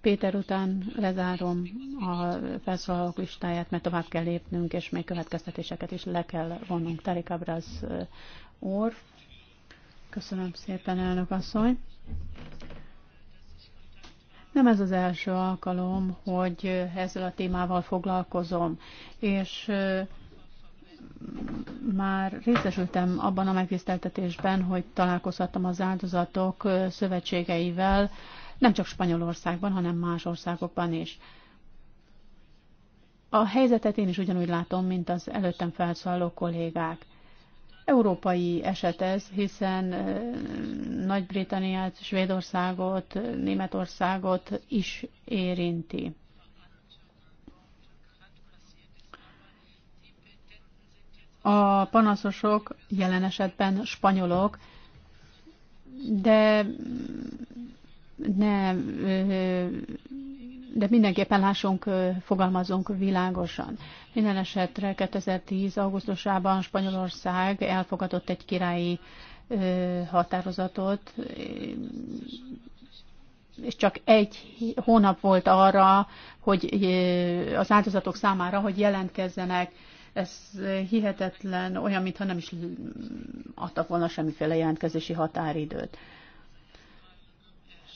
Péter után lezárom a felszólalók listáját, mert tovább kell lépnünk, és még következtetéseket is le kell vonnunk. Tarik Abraz úr. Köszönöm szépen, elnök asszony. Nem ez az első alkalom, hogy ezzel a témával foglalkozom, és már részesültem abban a megtiszteltetésben, hogy találkozhattam az áldozatok szövetségeivel, nem csak Spanyolországban, hanem más országokban is. A helyzetet én is ugyanúgy látom, mint az előttem felszólaló kollégák. Európai eset ez, hiszen Nagy-Britanniát, Svédországot, Németországot is érinti. A panaszosok jelen esetben spanyolok, de ne de mindenképpen lássunk, fogalmazunk világosan. Minden esetre 2010. augusztusában Spanyolország elfogadott egy királyi határozatot, és csak egy hónap volt arra, hogy az áldozatok számára, hogy jelentkezzenek. Ez hihetetlen, olyan, mintha nem is adtak volna semmiféle jelentkezési határidőt.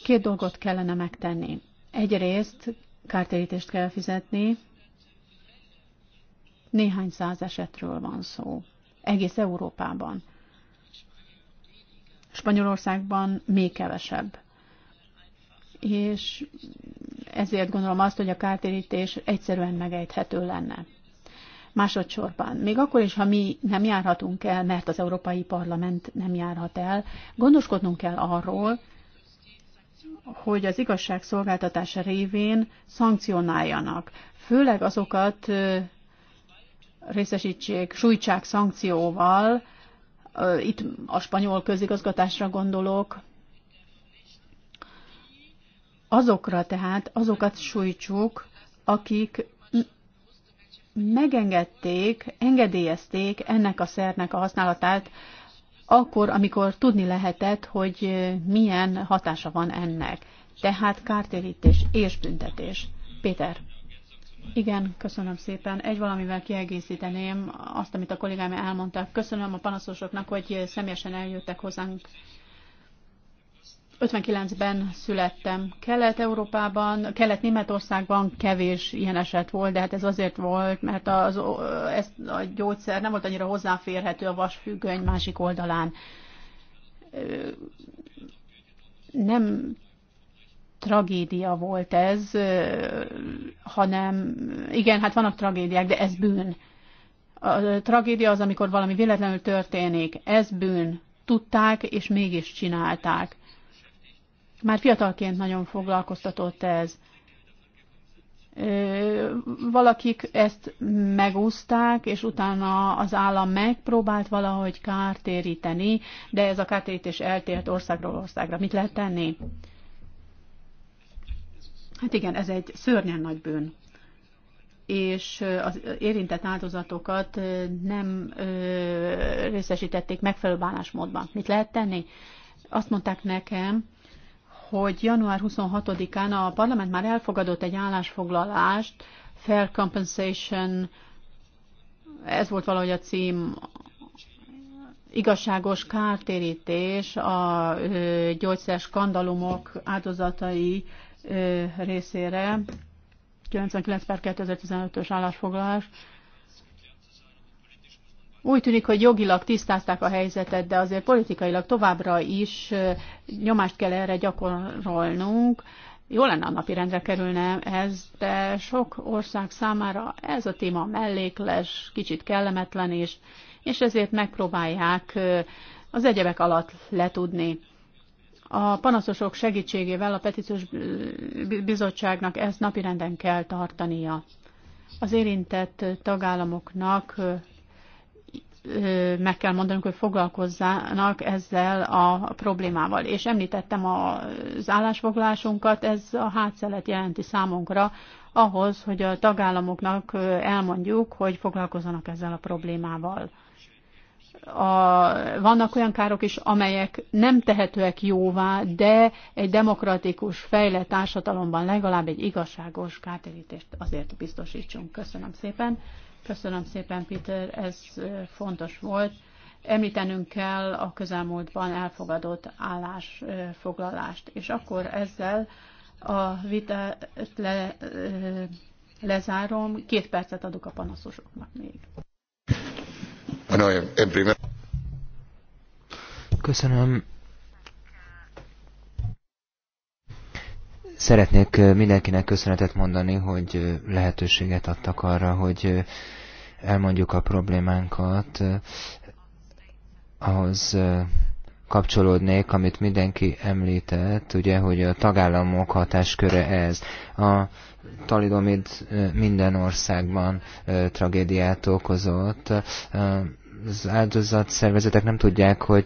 Két dolgot kellene megtenni. Egyrészt kártérítést kell fizetni, néhány száz esetről van szó, egész Európában. Spanyolországban még kevesebb. És ezért gondolom azt, hogy a kártérítés egyszerűen megejthető lenne. Másodszorban, még akkor is, ha mi nem járhatunk el, mert az Európai Parlament nem járhat el, gondoskodnunk kell arról, hogy az igazságszolgáltatása révén szankcionáljanak. Főleg azokat részesítsék, sújtsák szankcióval, itt a spanyol közigazgatásra gondolok, azokra tehát, azokat sújtsuk, akik megengedték, engedélyezték ennek a szernek a használatát akkor, amikor tudni lehetett, hogy milyen hatása van ennek. Tehát kártérítés és büntetés. Péter. Igen, köszönöm szépen. Egy valamivel kiegészíteném azt, amit a kollégám elmondta. Köszönöm a panaszosoknak, hogy személyesen eljöttek hozzánk 59-ben születtem Kelet-Európában, Kelet-Németországban kevés ilyen eset volt, de hát ez azért volt, mert az, ez a gyógyszer nem volt annyira hozzáférhető a vasfüggöny másik oldalán. Nem tragédia volt ez, hanem igen, hát vannak tragédiák, de ez bűn. A tragédia az, amikor valami véletlenül történik. Ez bűn. Tudták, és mégis csinálták már fiatalként nagyon foglalkoztatott ez. Valakik ezt megúzták, és utána az állam megpróbált valahogy kártéríteni, de ez a kártérítés eltért országról országra. Mit lehet tenni? Hát igen, ez egy szörnyen nagy bűn és az érintett áldozatokat nem részesítették megfelelő bánásmódban. Mit lehet tenni? Azt mondták nekem, hogy január 26-án a parlament már elfogadott egy állásfoglalást, Fair Compensation, ez volt valahogy a cím, igazságos kártérítés a gyógyszer skandalumok áldozatai részére, 99 per 2015-ös állásfoglalás. Úgy tűnik, hogy jogilag tisztázták a helyzetet, de azért politikailag továbbra is nyomást kell erre gyakorolnunk. Jó lenne a napi rendre kerülne ez, de sok ország számára ez a téma mellékles, kicsit kellemetlen is, és ezért megpróbálják az egyebek alatt letudni. A panaszosok segítségével a petíciós bizottságnak ezt napirenden kell tartania. Az érintett tagállamoknak meg kell mondanunk, hogy foglalkozzanak ezzel a problémával. És említettem az állásfoglalásunkat, ez a hátszelet jelenti számunkra ahhoz, hogy a tagállamoknak elmondjuk, hogy foglalkozzanak ezzel a problémával. A, vannak olyan károk is, amelyek nem tehetőek jóvá, de egy demokratikus, fejlett társadalomban legalább egy igazságos kártérítést azért biztosítsunk. Köszönöm szépen. Köszönöm szépen, Peter, ez fontos volt. Említenünk kell a közelmúltban elfogadott állásfoglalást, és akkor ezzel a vitát le, lezárom. Két percet adok a panaszosoknak még. Köszönöm. Szeretnék mindenkinek köszönetet mondani, hogy lehetőséget adtak arra, hogy elmondjuk a problémánkat, ahhoz kapcsolódnék, amit mindenki említett, ugye, hogy a tagállamok hatásköre ez. A talidomid minden országban tragédiát okozott az áldozat szervezetek nem tudják, hogy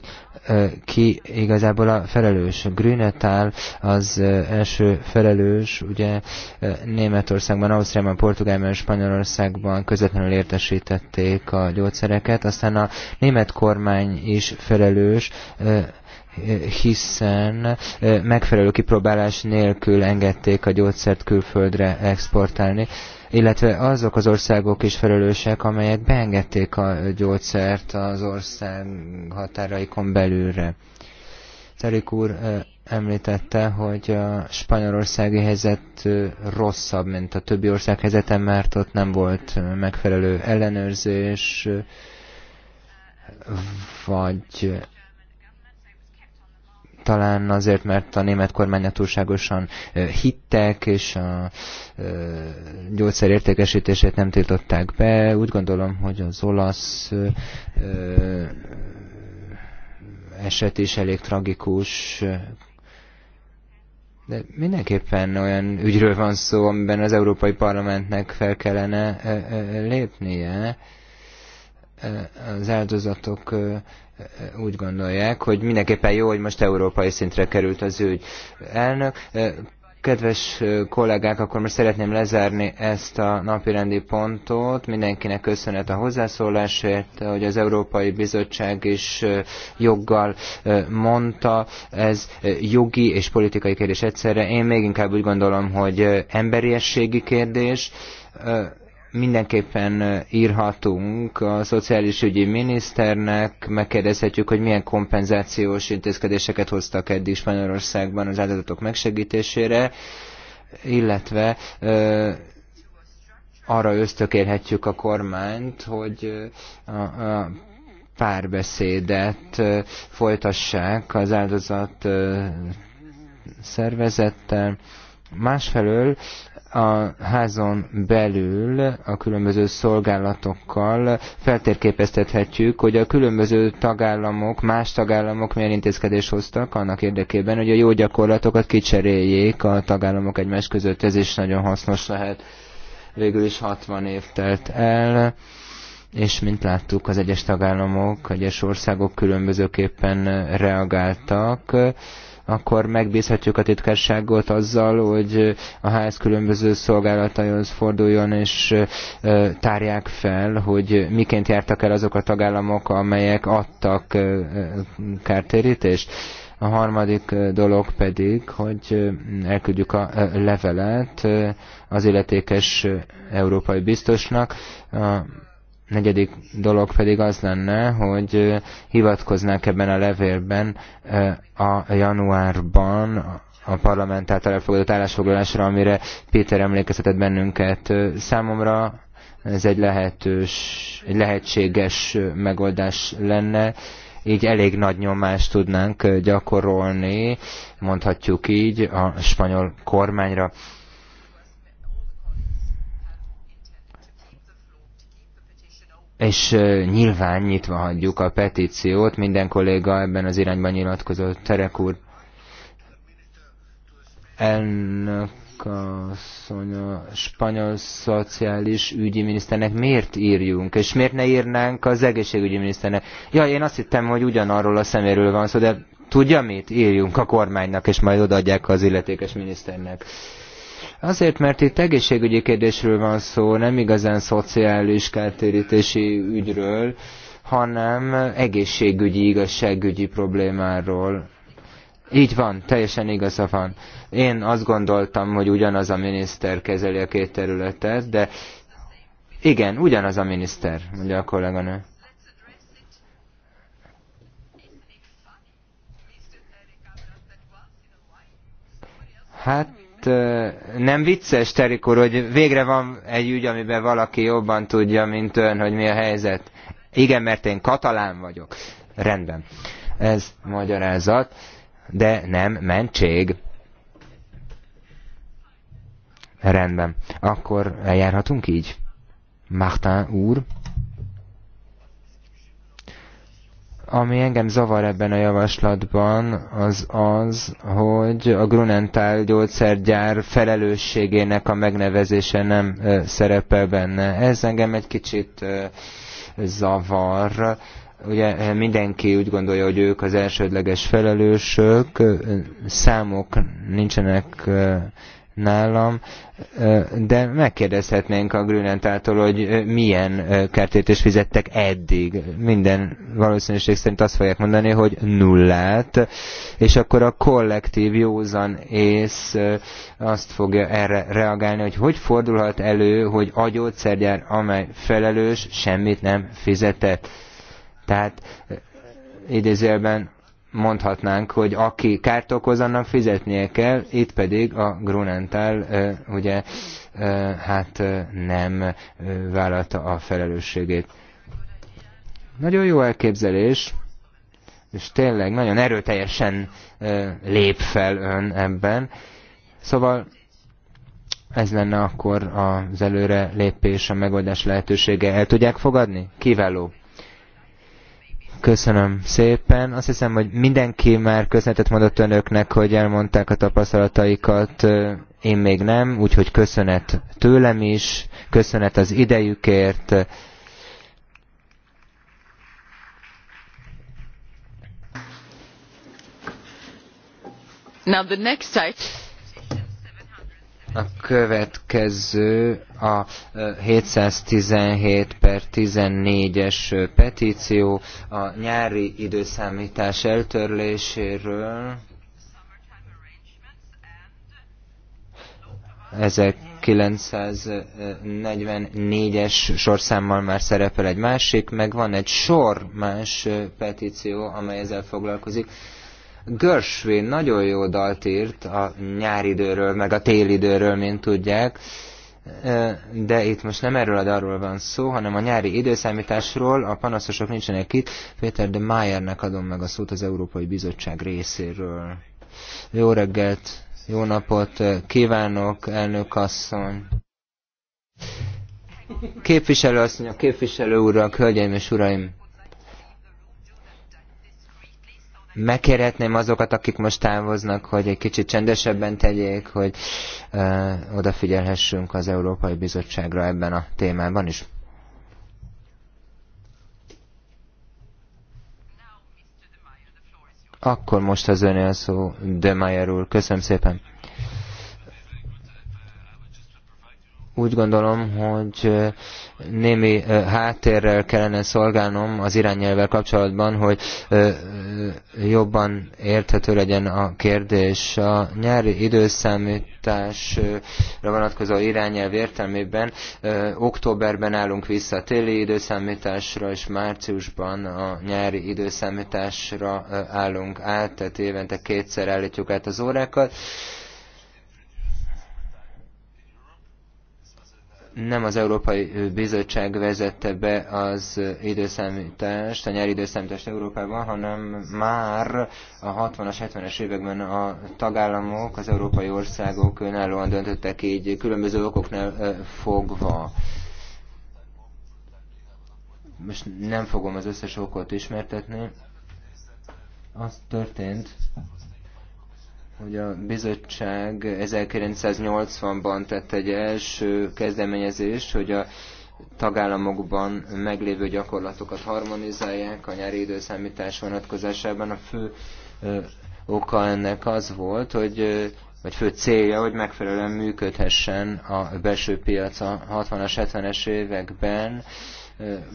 ki igazából a felelős. Grünetál az első felelős, ugye Németországban, Ausztriában, Portugálban, Spanyolországban közvetlenül értesítették a gyógyszereket, aztán a német kormány is felelős, hiszen megfelelő kipróbálás nélkül engedték a gyógyszert külföldre exportálni illetve azok az országok is felelősek, amelyek beengedték a gyógyszert az ország határaikon belülre. Terik úr említette, hogy a spanyolországi helyzet rosszabb, mint a többi ország helyzete, mert ott nem volt megfelelő ellenőrzés, vagy talán azért, mert a német kormány túlságosan hittek, és a gyógyszer értékesítését nem tiltották be. Úgy gondolom, hogy az olasz eset is elég tragikus, de mindenképpen olyan ügyről van szó, amiben az Európai Parlamentnek fel kellene lépnie. Az áldozatok úgy gondolják, hogy mindenképpen jó, hogy most európai szintre került az ügy. Elnök, eh, kedves eh, kollégák, akkor most szeretném lezárni ezt a napirendi pontot. Mindenkinek köszönet a hozzászólásért, hogy az Európai Bizottság is eh, joggal mondta, ez jogi és politikai kérdés egyszerre. Én még inkább úgy gondolom, hogy emberiességi kérdés mindenképpen írhatunk a szociális ügyi miniszternek, megkérdezhetjük, hogy milyen kompenzációs intézkedéseket hoztak eddig Spanyolországban az áldozatok megsegítésére, illetve arra ösztökélhetjük a kormányt, hogy a, a párbeszédet folytassák az áldozat szervezettel. Másfelől a házon belül a különböző szolgálatokkal feltérképeztethetjük, hogy a különböző tagállamok, más tagállamok milyen intézkedést hoztak annak érdekében, hogy a jó gyakorlatokat kicseréljék a tagállamok egymás között. Ez is nagyon hasznos lehet. Végül is 60 év telt el és mint láttuk, az egyes tagállamok, egyes országok különbözőképpen reagáltak akkor megbízhatjuk a titkárságot azzal, hogy a ház különböző szolgálataihoz forduljon, és tárják fel, hogy miként jártak el azok a tagállamok, amelyek adtak kártérítést. A harmadik dolog pedig, hogy elküldjük a levelet az illetékes európai biztosnak, negyedik dolog pedig az lenne, hogy hivatkoznák ebben a levélben a januárban a parlament által elfogadott állásfoglalásra, amire Péter emlékeztetett bennünket. Számomra ez egy, lehetős, egy lehetséges megoldás lenne, így elég nagy nyomást tudnánk gyakorolni, mondhatjuk így, a spanyol kormányra. és nyilván nyitva hagyjuk a petíciót, minden kolléga ebben az irányban nyilatkozott, Terek úr. Elnök asszony, a spanyol szociális ügyi miniszternek miért írjunk, és miért ne írnánk az egészségügyi miniszternek? Ja, én azt hittem, hogy ugyanarról a szeméről van szó, de tudja mit? Írjunk a kormánynak, és majd odaadják az illetékes miniszternek. Azért, mert itt egészségügyi kérdésről van szó, nem igazán szociális kártérítési ügyről, hanem egészségügyi, igazságügyi problémáról. Így van, teljesen igaza van. Én azt gondoltam, hogy ugyanaz a miniszter kezeli a két területet, de igen, ugyanaz a miniszter, mondja a kolléganő. Hát Hát, nem vicces, Terik úr, hogy végre van egy ügy, amiben valaki jobban tudja, mint ön, hogy mi a helyzet. Igen, mert én katalán vagyok. Rendben. Ez magyarázat, de nem mentség. Rendben. Akkor eljárhatunk így? Martin úr. Ami engem zavar ebben a javaslatban, az az, hogy a Grunenthal gyógyszergyár felelősségének a megnevezése nem szerepel benne. Ez engem egy kicsit zavar. Ugye mindenki úgy gondolja, hogy ők az elsődleges felelősök, számok nincsenek nálam, de megkérdezhetnénk a Grünentától, hogy milyen kártérítést fizettek eddig. Minden valószínűség szerint azt fogják mondani, hogy nullát, és akkor a kollektív józan ész azt fogja erre reagálni, hogy hogy fordulhat elő, hogy a gyógyszergyár, amely felelős, semmit nem fizetett. Tehát idézőjelben mondhatnánk, hogy aki kárt okoz, annak fizetnie kell, itt pedig a Grunenthal ugye hát nem vállalta a felelősségét. Nagyon jó elképzelés, és tényleg nagyon erőteljesen lép fel ön ebben. Szóval ez lenne akkor az előre lépés, a megoldás lehetősége. El tudják fogadni? Kiváló. Köszönöm szépen. Azt hiszem, hogy mindenki már köszönetet mondott önöknek, hogy elmondták a tapasztalataikat. Én még nem, úgyhogy köszönet tőlem is, köszönet az idejükért. Now the next site. A következő a 717 per 14-es petíció a nyári időszámítás eltörléséről. 944 es sorszámmal már szerepel egy másik, meg van egy sor más petíció, amely ezzel foglalkozik. Gershwin nagyon jó dalt írt a nyári időről, meg a téli időről, mint tudják, de itt most nem erről a darról van szó, hanem a nyári időszámításról, a panaszosok nincsenek itt, Péter de Mayernek adom meg a szót az Európai Bizottság részéről. Jó reggelt, jó napot kívánok, elnök asszony! Képviselő asszonyok, képviselő urak, hölgyeim és uraim! megkérhetném azokat, akik most távoznak, hogy egy kicsit csendesebben tegyék, hogy ö, odafigyelhessünk az Európai Bizottságra ebben a témában is. Akkor most az öné a szó, De Mayer úr. Köszönöm szépen. Úgy gondolom, hogy némi háttérrel kellene szolgálnom az irányelvvel kapcsolatban, hogy jobban érthető legyen a kérdés. A nyári időszámításra vonatkozó irányelv értelmében októberben állunk vissza a téli időszámításra, és márciusban a nyári időszámításra állunk át, tehát évente kétszer állítjuk át az órákat. nem az Európai Bizottság vezette be az időszámítást, a nyári időszámítást Európában, hanem már a 60-as, 70-es években a tagállamok, az európai országok önállóan döntöttek így különböző okoknál fogva. Most nem fogom az összes okot ismertetni. Az történt, hogy a bizottság 1980-ban tett egy első kezdeményezést, hogy a tagállamokban meglévő gyakorlatokat harmonizálják a nyári időszámítás vonatkozásában. A fő ö, oka ennek az volt, hogy ö, vagy fő célja, hogy megfelelően működhessen a belső piac a 60-as, 70-es években. Ö,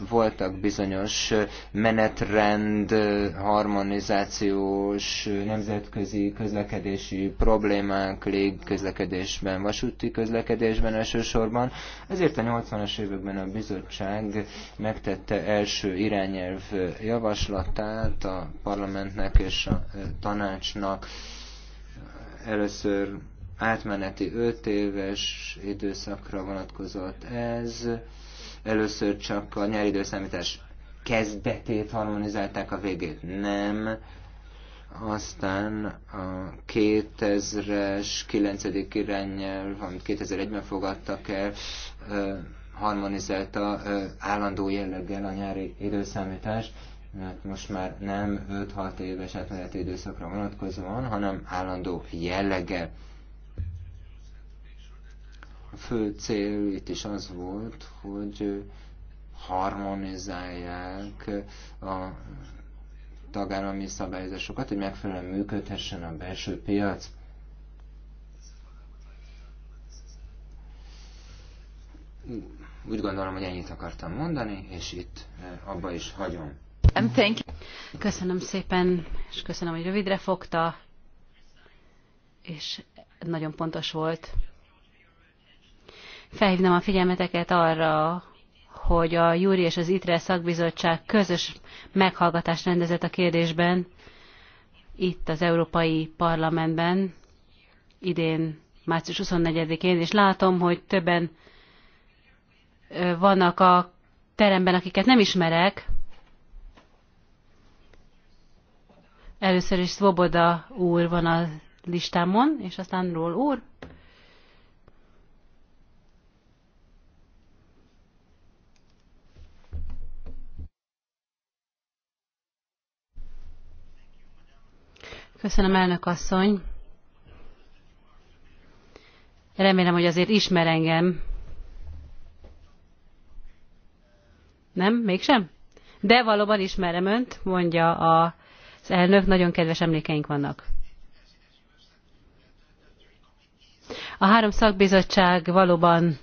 voltak bizonyos menetrend, harmonizációs, nemzetközi közlekedési problémák légközlekedésben, vasúti közlekedésben elsősorban. Ezért a 80-as években a bizottság megtette első irányelv javaslatát a parlamentnek és a e, tanácsnak. Először átmeneti 5 éves időszakra vonatkozott ez, először csak a nyári időszámítás kezdetét harmonizálták, a végét nem. Aztán a 2000-es 9. irányelv, amit 2001-ben fogadtak el, harmonizálta állandó jelleggel a nyári időszámítást, mert hát most már nem 5-6 éves átmeneti időszakra vonatkozóan, hanem állandó jelleggel fő cél itt is az volt, hogy harmonizálják a tagállami szabályozásokat, hogy megfelelően működhessen a belső piac. Úgy gondolom, hogy ennyit akartam mondani, és itt eh, abba is hagyom. Köszönöm szépen, és köszönöm, hogy rövidre fogta, és nagyon pontos volt felhívnám a figyelmeteket arra, hogy a Júri és az ITRE szakbizottság közös meghallgatást rendezett a kérdésben itt az Európai Parlamentben idén március 24-én, és látom, hogy többen vannak a teremben, akiket nem ismerek. Először is Svoboda úr van a listámon, és aztán Ról úr. Köszönöm, elnök asszony. Remélem, hogy azért ismer engem. Nem? Mégsem? De valóban ismerem önt, mondja a, az elnök, nagyon kedves emlékeink vannak. A három szakbizottság valóban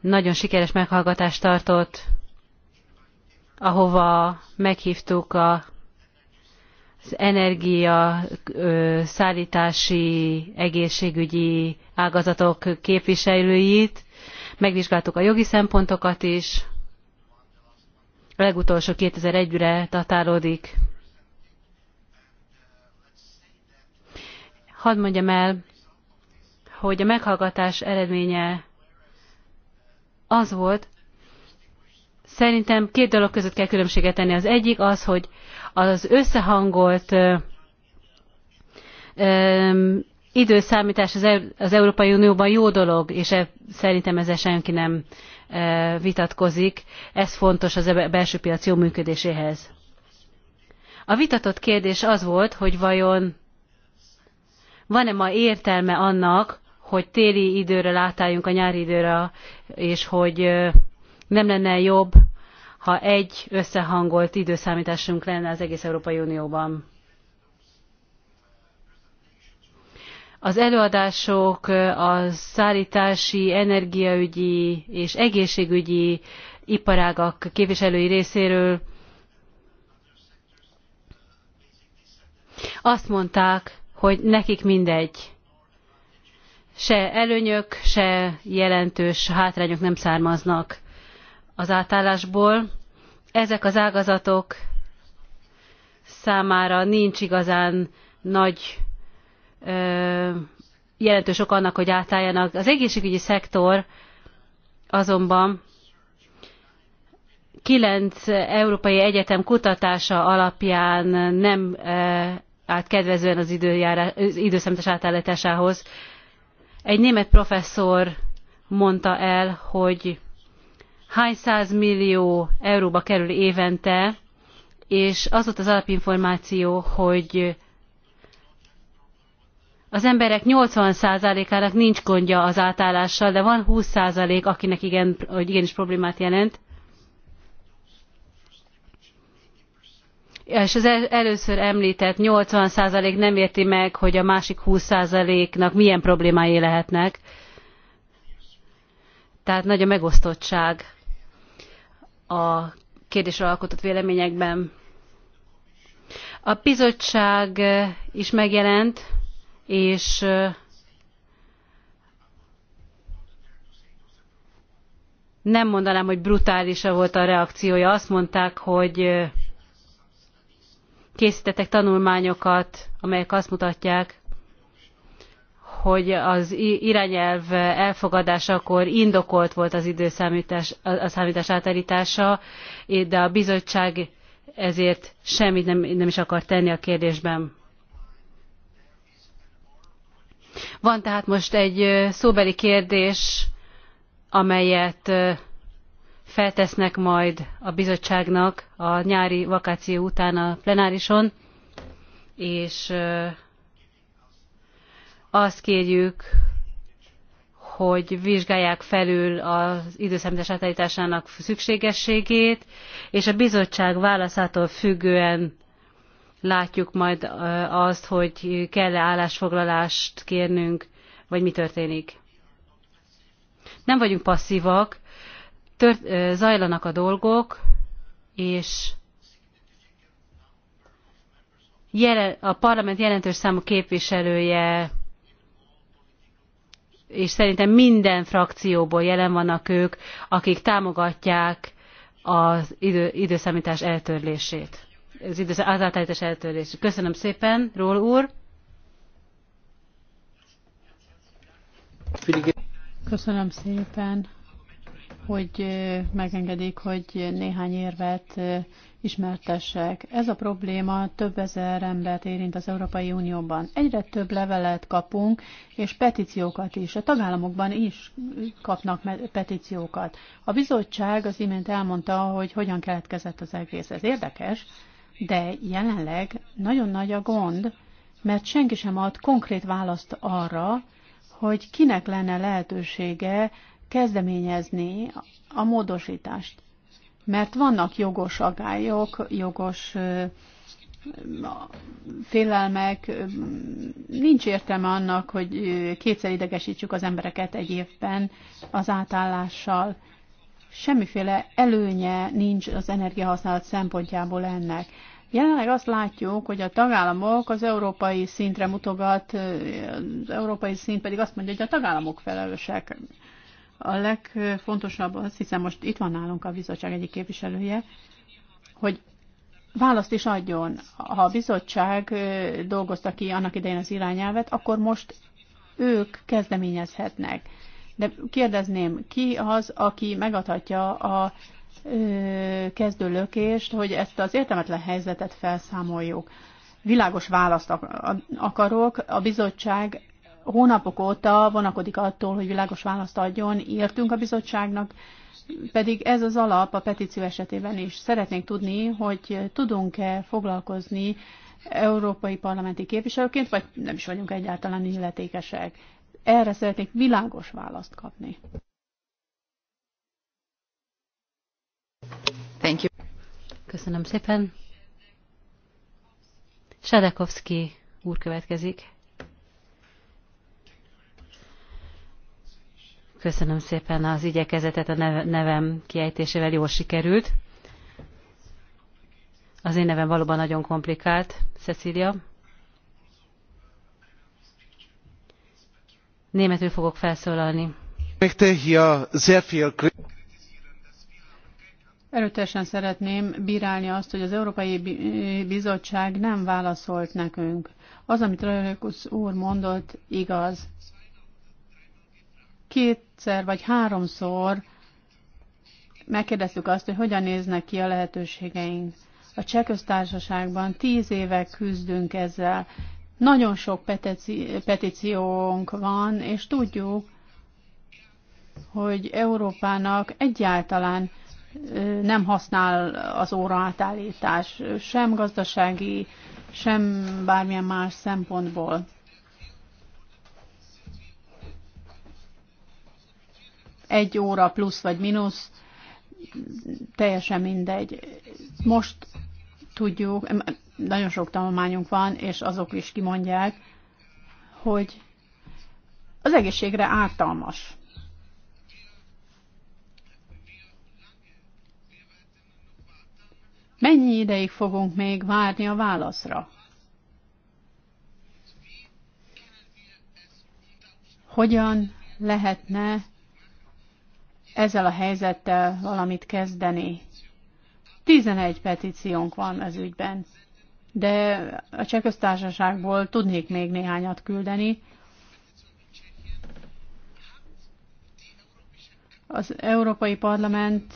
nagyon sikeres meghallgatást tartott, ahova meghívtuk a energia, szállítási, egészségügyi ágazatok képviselőit, megvizsgáltuk a jogi szempontokat is, a legutolsó 2001-re datálódik. Hadd mondjam el, hogy a meghallgatás eredménye az volt, Szerintem két dolog között kell különbséget tenni. Az egyik az, hogy az összehangolt ö, ö, időszámítás az, e az Európai Unióban jó dolog, és e, szerintem ezzel senki nem ö, vitatkozik. Ez fontos az e belső piac jó működéséhez. A vitatott kérdés az volt, hogy vajon van-e ma értelme annak, hogy téli időre látáljunk a nyári időre, és hogy nem lenne jobb, ha egy összehangolt időszámításunk lenne az egész Európai Unióban. Az előadások a szállítási, energiaügyi és egészségügyi iparágak képviselői részéről azt mondták, hogy nekik mindegy. Se előnyök, se jelentős hátrányok nem származnak az átállásból. Ezek az ágazatok számára nincs igazán nagy ö, jelentős ok annak, hogy átálljanak. Az egészségügyi szektor azonban kilenc európai egyetem kutatása alapján nem állt kedvezően az, időjárás, az időszemtes átállításához. Egy német professzor mondta el, hogy hány százmillió euróba kerül évente, és az ott az alapinformáció, hogy az emberek 80%-ának nincs gondja az átállással, de van 20% akinek igen, hogy igenis problémát jelent. És az először említett 80% nem érti meg, hogy a másik 20%-nak milyen problémái lehetnek. Tehát nagy a megosztottság a kérdésre alkotott véleményekben. A bizottság is megjelent, és nem mondanám, hogy brutálisa volt a reakciója. Azt mondták, hogy készítettek tanulmányokat, amelyek azt mutatják, hogy az irányelv elfogadásakor indokolt volt az időszámítás, a számítás átállítása, de a bizottság ezért semmit nem, nem is akar tenni a kérdésben. Van tehát most egy szóbeli kérdés, amelyet feltesznek majd a bizottságnak a nyári vakáció után a plenárison, és azt kérjük, hogy vizsgálják felül az időszámítás átállításának szükségességét, és a bizottság válaszától függően látjuk majd azt, hogy kell-e állásfoglalást kérnünk, vagy mi történik. Nem vagyunk passzívak, tört, zajlanak a dolgok, és a parlament jelentős számú képviselője és szerintem minden frakcióból jelen vannak ők, akik támogatják az idő, időszámítás eltörlését, az, idősz, az átállítás eltörlését. Köszönöm szépen, Ról úr! Köszönöm szépen hogy megengedik, hogy néhány érvet ismertessek. Ez a probléma több ezer embert érint az Európai Unióban. Egyre több levelet kapunk, és petíciókat is. A tagállamokban is kapnak petíciókat. A bizottság az imént elmondta, hogy hogyan keletkezett az egész. Ez érdekes, de jelenleg nagyon nagy a gond, mert senki sem ad konkrét választ arra, hogy kinek lenne lehetősége kezdeményezni a módosítást. Mert vannak jogos agályok, jogos félelmek, nincs értelme annak, hogy kétszer idegesítsük az embereket egy évben az átállással. Semmiféle előnye nincs az energiahasználat szempontjából ennek. Jelenleg azt látjuk, hogy a tagállamok az európai szintre mutogat, az európai szint pedig azt mondja, hogy a tagállamok felelősek a legfontosabb azt hiszen most itt van nálunk a bizottság egyik képviselője, hogy választ is adjon. Ha a bizottság dolgozta ki annak idején az irányelvet, akkor most ők kezdeményezhetnek. De kérdezném, ki az, aki megadhatja a kezdőlökést, hogy ezt az értelmetlen helyzetet felszámoljuk. Világos választ akarok, a bizottság hónapok óta vonakodik attól, hogy világos választ adjon, írtunk a bizottságnak, pedig ez az alap a petíció esetében is. Szeretnénk tudni, hogy tudunk-e foglalkozni európai parlamenti képviselőként, vagy nem is vagyunk egyáltalán illetékesek. Erre szeretnék világos választ kapni. Thank you. Köszönöm szépen. Sadakovsky úr következik. Köszönöm szépen az igyekezetet, a nevem kiejtésével jól sikerült. Az én nevem valóban nagyon komplikált, Cecília. Németül fogok felszólalni. Erőteljesen szeretném bírálni azt, hogy az Európai Bizottság nem válaszolt nekünk. Az, amit Rölikus úr mondott, igaz kétszer vagy háromszor megkérdeztük azt, hogy hogyan néznek ki a lehetőségeink. A Csehköztársaságban tíz éve küzdünk ezzel. Nagyon sok petíciónk van, és tudjuk, hogy Európának egyáltalán nem használ az óraátállítás, sem gazdasági, sem bármilyen más szempontból. egy óra plusz vagy mínusz, teljesen mindegy. Most tudjuk, nagyon sok tanulmányunk van, és azok is kimondják, hogy az egészségre ártalmas. Mennyi ideig fogunk még várni a válaszra? Hogyan lehetne ezzel a helyzettel valamit kezdeni. 11 petíciónk van az ügyben, de a Csehköztársaságból tudnék még néhányat küldeni. Az Európai Parlament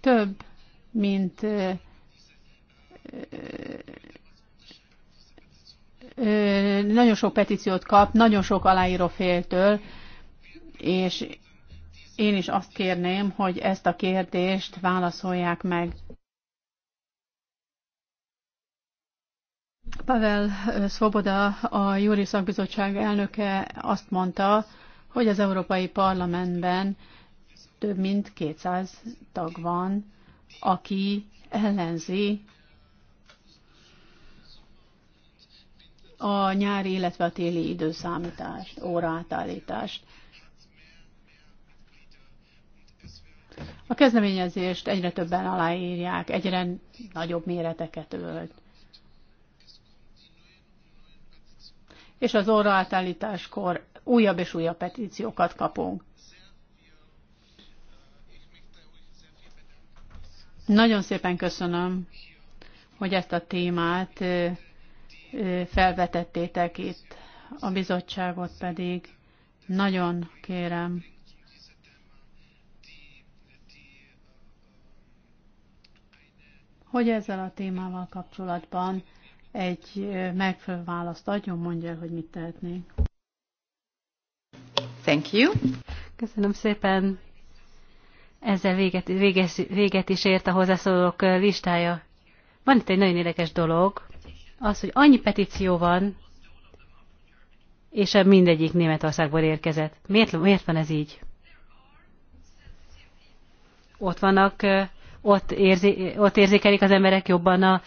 több, mint nagyon sok petíciót kap, nagyon sok aláíró féltől, és én is azt kérném, hogy ezt a kérdést válaszolják meg. Pavel Svoboda, a Júri Szakbizottság elnöke azt mondta, hogy az Európai Parlamentben több mint 200 tag van, aki ellenzi a nyári, illetve a téli időszámítást, óraátállítást. A kezdeményezést egyre többen aláírják, egyre nagyobb méreteket ölt. És az óraátállításkor újabb és újabb petíciókat kapunk. Nagyon szépen köszönöm, hogy ezt a témát felvetettétek itt, a bizottságot pedig nagyon kérem, hogy ezzel a témával kapcsolatban egy megfelelő választ adjon, mondja el, hogy mit tehetnénk. Thank you. Köszönöm szépen. Ezzel véget, véget, véget is ért a hozzászólók listája. Van itt egy nagyon érdekes dolog az, hogy annyi petíció van, és mindegyik Németországból érkezett. Miért, miért van ez így? Ott vannak, ott, érzi, ott érzékelik az emberek jobban a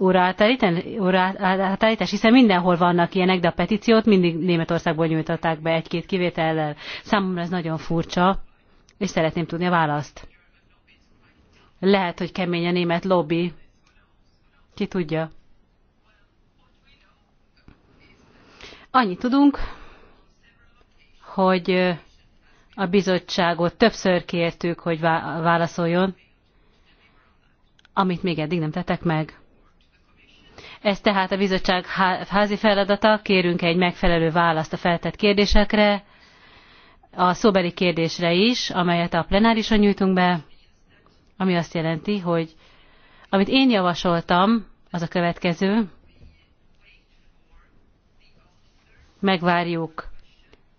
óraátállítás, hiszen mindenhol vannak ilyenek, de a petíciót mindig Németországból nyújtották be egy-két kivétellel. Számomra ez nagyon furcsa, és szeretném tudni a választ. Lehet, hogy kemény a német lobby. Ki tudja? Annyit tudunk, hogy a bizottságot többször kértük, hogy válaszoljon, amit még eddig nem tettek meg. Ez tehát a bizottság házi feladata, kérünk egy megfelelő választ a feltett kérdésekre, a szóbeli kérdésre is, amelyet a plenárison nyújtunk be, ami azt jelenti, hogy amit én javasoltam, az a következő, megvárjuk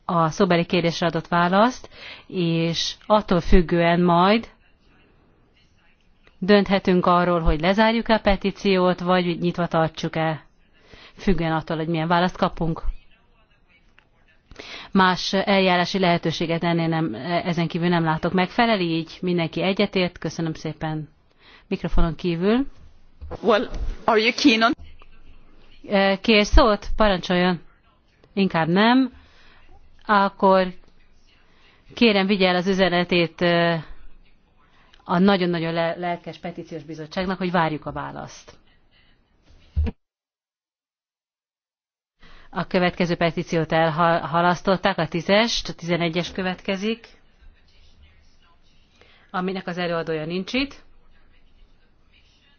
a szóbeli kérdésre adott választ, és attól függően majd dönthetünk arról, hogy lezárjuk-e a petíciót, vagy nyitva tartsuk-e, függően attól, hogy milyen választ kapunk. Más eljárási lehetőséget ennél nem, ezen kívül nem látok. Megfeleli így mindenki egyetért? Köszönöm szépen. Mikrofonon kívül. Well, are you keen on... Kér szót? Parancsoljon inkább nem, akkor kérem vigye el az üzenetét a nagyon-nagyon lelkes petíciós bizottságnak, hogy várjuk a választ. A következő petíciót elhalasztották, a tízest, a tizenegyes következik, aminek az előadója nincs itt.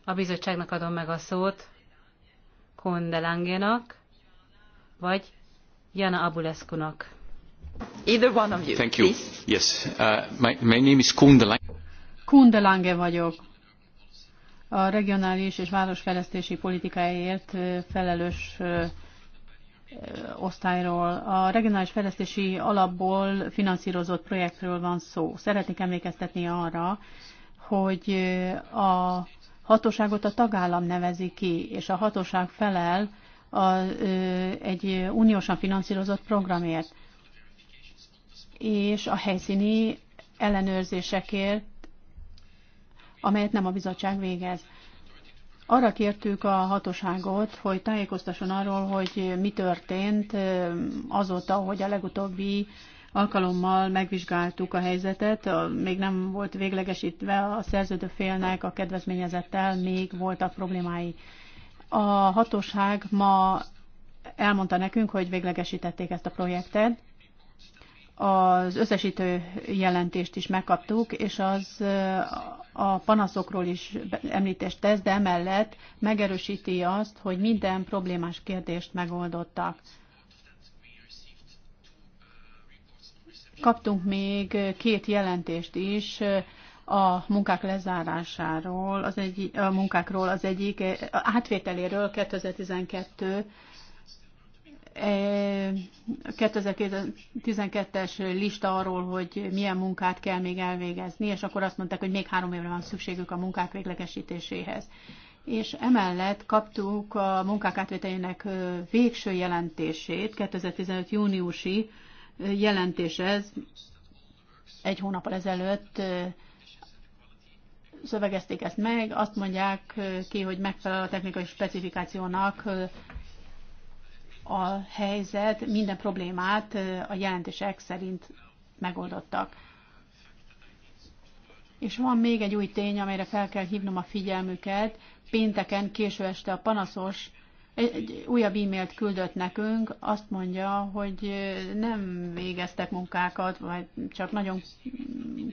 A bizottságnak adom meg a szót Kondelangénak, vagy Jana Abulescu-nak. Either one of you, Thank you. Please. Yes, uh, my, my name is Kunde Kunde Lange vagyok. A regionális és városfejlesztési politikáért felelős osztályról. A regionális fejlesztési alapból finanszírozott projektről van szó. Szeretnék emlékeztetni arra, hogy a hatóságot a tagállam nevezi ki, és a hatóság felel a, egy uniósan finanszírozott programért, és a helyszíni ellenőrzésekért, amelyet nem a bizottság végez. Arra kértük a hatóságot, hogy tájékoztasson arról, hogy mi történt azóta, hogy a legutóbbi alkalommal megvizsgáltuk a helyzetet, még nem volt véglegesítve a szerződő félnek, a kedvezményezettel még voltak problémái. A hatóság ma elmondta nekünk, hogy véglegesítették ezt a projektet. Az összesítő jelentést is megkaptuk, és az a panaszokról is említést tesz, de emellett megerősíti azt, hogy minden problémás kérdést megoldottak. Kaptunk még két jelentést is a munkák lezárásáról, az egy, a munkákról az egyik eh, átvételéről 2012 2012-es eh, lista arról, hogy milyen munkát kell még elvégezni, és akkor azt mondták, hogy még három évre van szükségük a munkák véglegesítéséhez. És emellett kaptuk a munkák átvételének végső jelentését, 2015 júniusi jelentés ez, egy hónap ezelőtt szövegezték ezt meg, azt mondják ki, hogy megfelel a technikai specifikációnak a helyzet, minden problémát a jelentések szerint megoldottak. És van még egy új tény, amelyre fel kell hívnom a figyelmüket. Pénteken késő este a panaszos egy újabb e-mailt küldött nekünk, azt mondja, hogy nem végeztek munkákat, vagy csak nagyon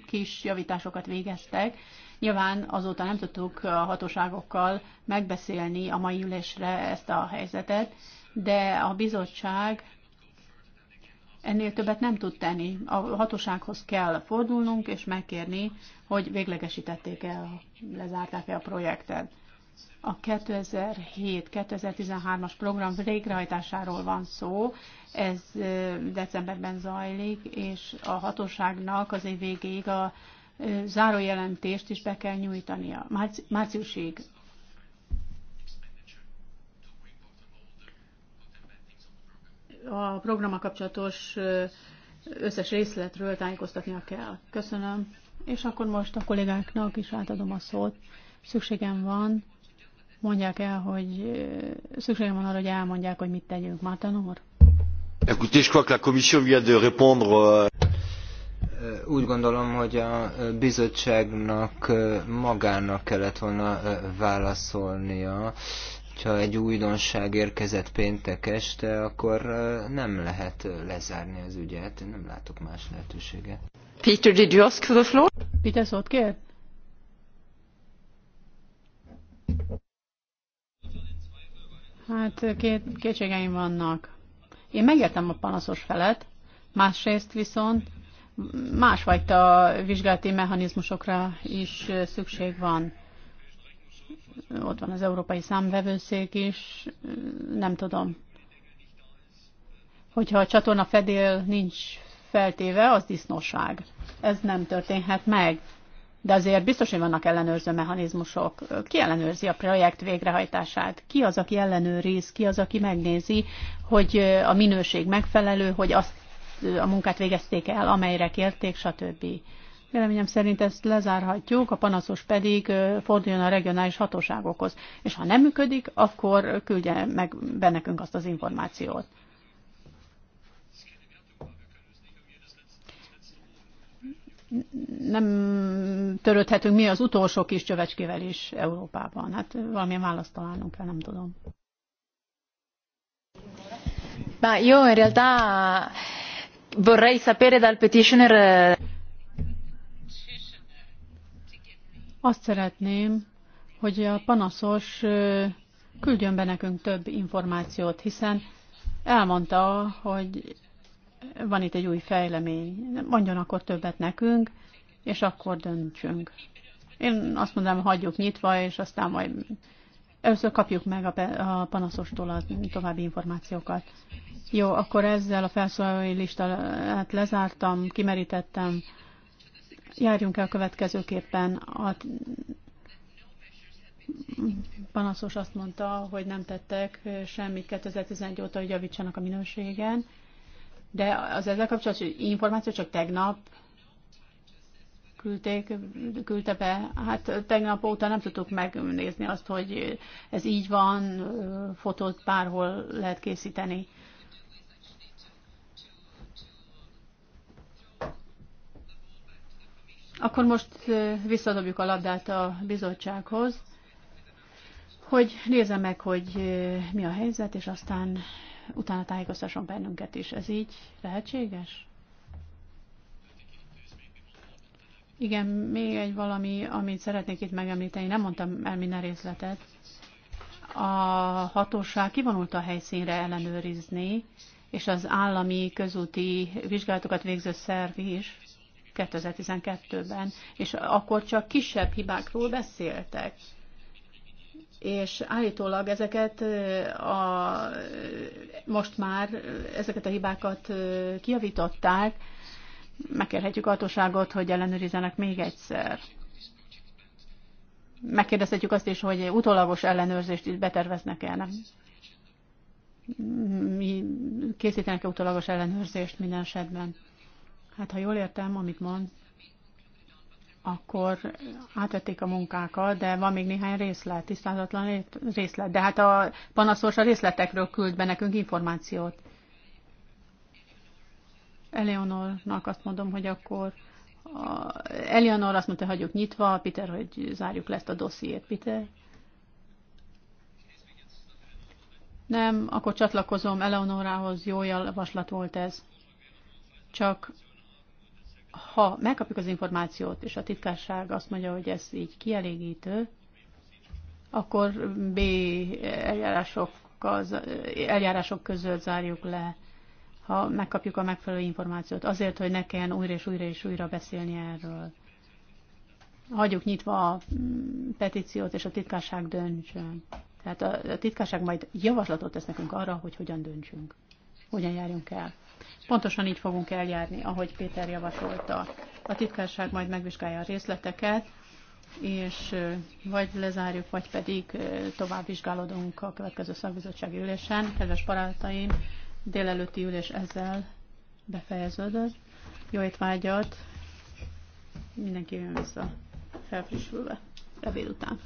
kis javításokat végeztek. Nyilván azóta nem tudtuk a hatóságokkal megbeszélni a mai ülésre ezt a helyzetet, de a bizottság ennél többet nem tud tenni. A hatósághoz kell fordulnunk és megkérni, hogy véglegesítették-e, lezárták-e a projektet a 2007-2013-as program végrehajtásáról van szó, ez decemberben zajlik, és a hatóságnak az év végéig a zárójelentést is be kell nyújtania, márci, márciusig. A programmal kapcsolatos összes részletről tájékoztatnia kell. Köszönöm. És akkor most a kollégáknak is átadom a szót. Szükségem van mondják el, hogy szükségem van arra, hogy elmondják, hogy mit tegyünk. Márton úr? Écoutez, je crois que la commission vient de répondre euh, úgy gondolom, hogy a bizottságnak magának kellett volna válaszolnia. Ha egy újdonság érkezett péntek este, akkor nem lehet lezárni az ügyet. Nem látok más lehetőséget. Peter, did you ask for the floor? Peter szót kér? Hát két, kétségeim vannak. Én megértem a panaszos felet, másrészt viszont másfajta vizsgálati mechanizmusokra is szükség van. Ott van az Európai Számvevőszék is, nem tudom. Hogyha a csatorna fedél nincs feltéve, az disznóság. Ez nem történhet meg de azért biztos, hogy vannak ellenőrző mechanizmusok. Ki ellenőrzi a projekt végrehajtását? Ki az, aki ellenőriz? Ki az, aki megnézi, hogy a minőség megfelelő, hogy azt a munkát végezték el, amelyre kérték, stb. Véleményem szerint ezt lezárhatjuk, a panaszos pedig forduljon a regionális hatóságokhoz. És ha nem működik, akkor küldje meg be nekünk azt az információt. nem törődhetünk mi az utolsó kis csövecskével is Európában. Hát valamilyen választ találnunk kell, nem tudom. Ma jó, in realtà vorrei sapere dal petitioner... Azt szeretném, hogy a panaszos küldjön be nekünk több információt, hiszen elmondta, hogy van itt egy új fejlemény, mondjon akkor többet nekünk, és akkor döntsünk. Én azt mondanám, hagyjuk nyitva, és aztán majd először kapjuk meg a, a panaszostól a további információkat. Jó, akkor ezzel a felszólalói listát lezártam, kimerítettem. Járjunk el következőképpen. A panaszos azt mondta, hogy nem tettek semmit 2018 óta, hogy javítsanak a minőségen de az ezzel kapcsolatos információ csak tegnap küldték, küldte be. Hát tegnap óta nem tudtuk megnézni azt, hogy ez így van, fotót bárhol lehet készíteni. Akkor most visszadobjuk a labdát a bizottsághoz, hogy nézze meg, hogy mi a helyzet, és aztán utána tájékoztasson bennünket is. Ez így lehetséges? Igen, még egy valami, amit szeretnék itt megemlíteni, nem mondtam el minden részletet. A hatóság kivonult a helyszínre ellenőrizni, és az állami közúti vizsgálatokat végző szerv is 2012-ben, és akkor csak kisebb hibákról beszéltek és állítólag ezeket a, most már ezeket a hibákat kiavították, megkérhetjük a hatóságot, hogy ellenőrizzenek még egyszer. Megkérdezhetjük azt is, hogy utólagos ellenőrzést is beterveznek-e, nem? Mi készítenek-e utólagos ellenőrzést minden esetben? Hát ha jól értem, amit mond, akkor átvették a munkákat, de van még néhány részlet, tisztázatlan részlet. De hát a panaszos a részletekről küld be nekünk információt. Eleonornak azt mondom, hogy akkor Eleonor azt mondta, hagyjuk nyitva, Peter, hogy zárjuk le ezt a dossziét. Peter? Nem, akkor csatlakozom Eleonorához, jó javaslat volt ez. Csak ha megkapjuk az információt, és a titkárság azt mondja, hogy ez így kielégítő, akkor B eljárások, az, eljárások között zárjuk le, ha megkapjuk a megfelelő információt, azért, hogy ne kelljen újra és újra és újra beszélni erről. Hagyjuk nyitva a petíciót, és a titkárság döntsön. Tehát a, titkárság majd javaslatot tesz nekünk arra, hogy hogyan döntsünk, hogyan járjunk el. Pontosan így fogunk eljárni, ahogy Péter javasolta. A titkárság majd megvizsgálja a részleteket, és vagy lezárjuk, vagy pedig tovább vizsgálódunk a következő szakbizottsági ülésen. Kedves barátaim, délelőtti ülés ezzel befejeződött. Jó étvágyat! Mindenki jön vissza felfrissülve ebéd után.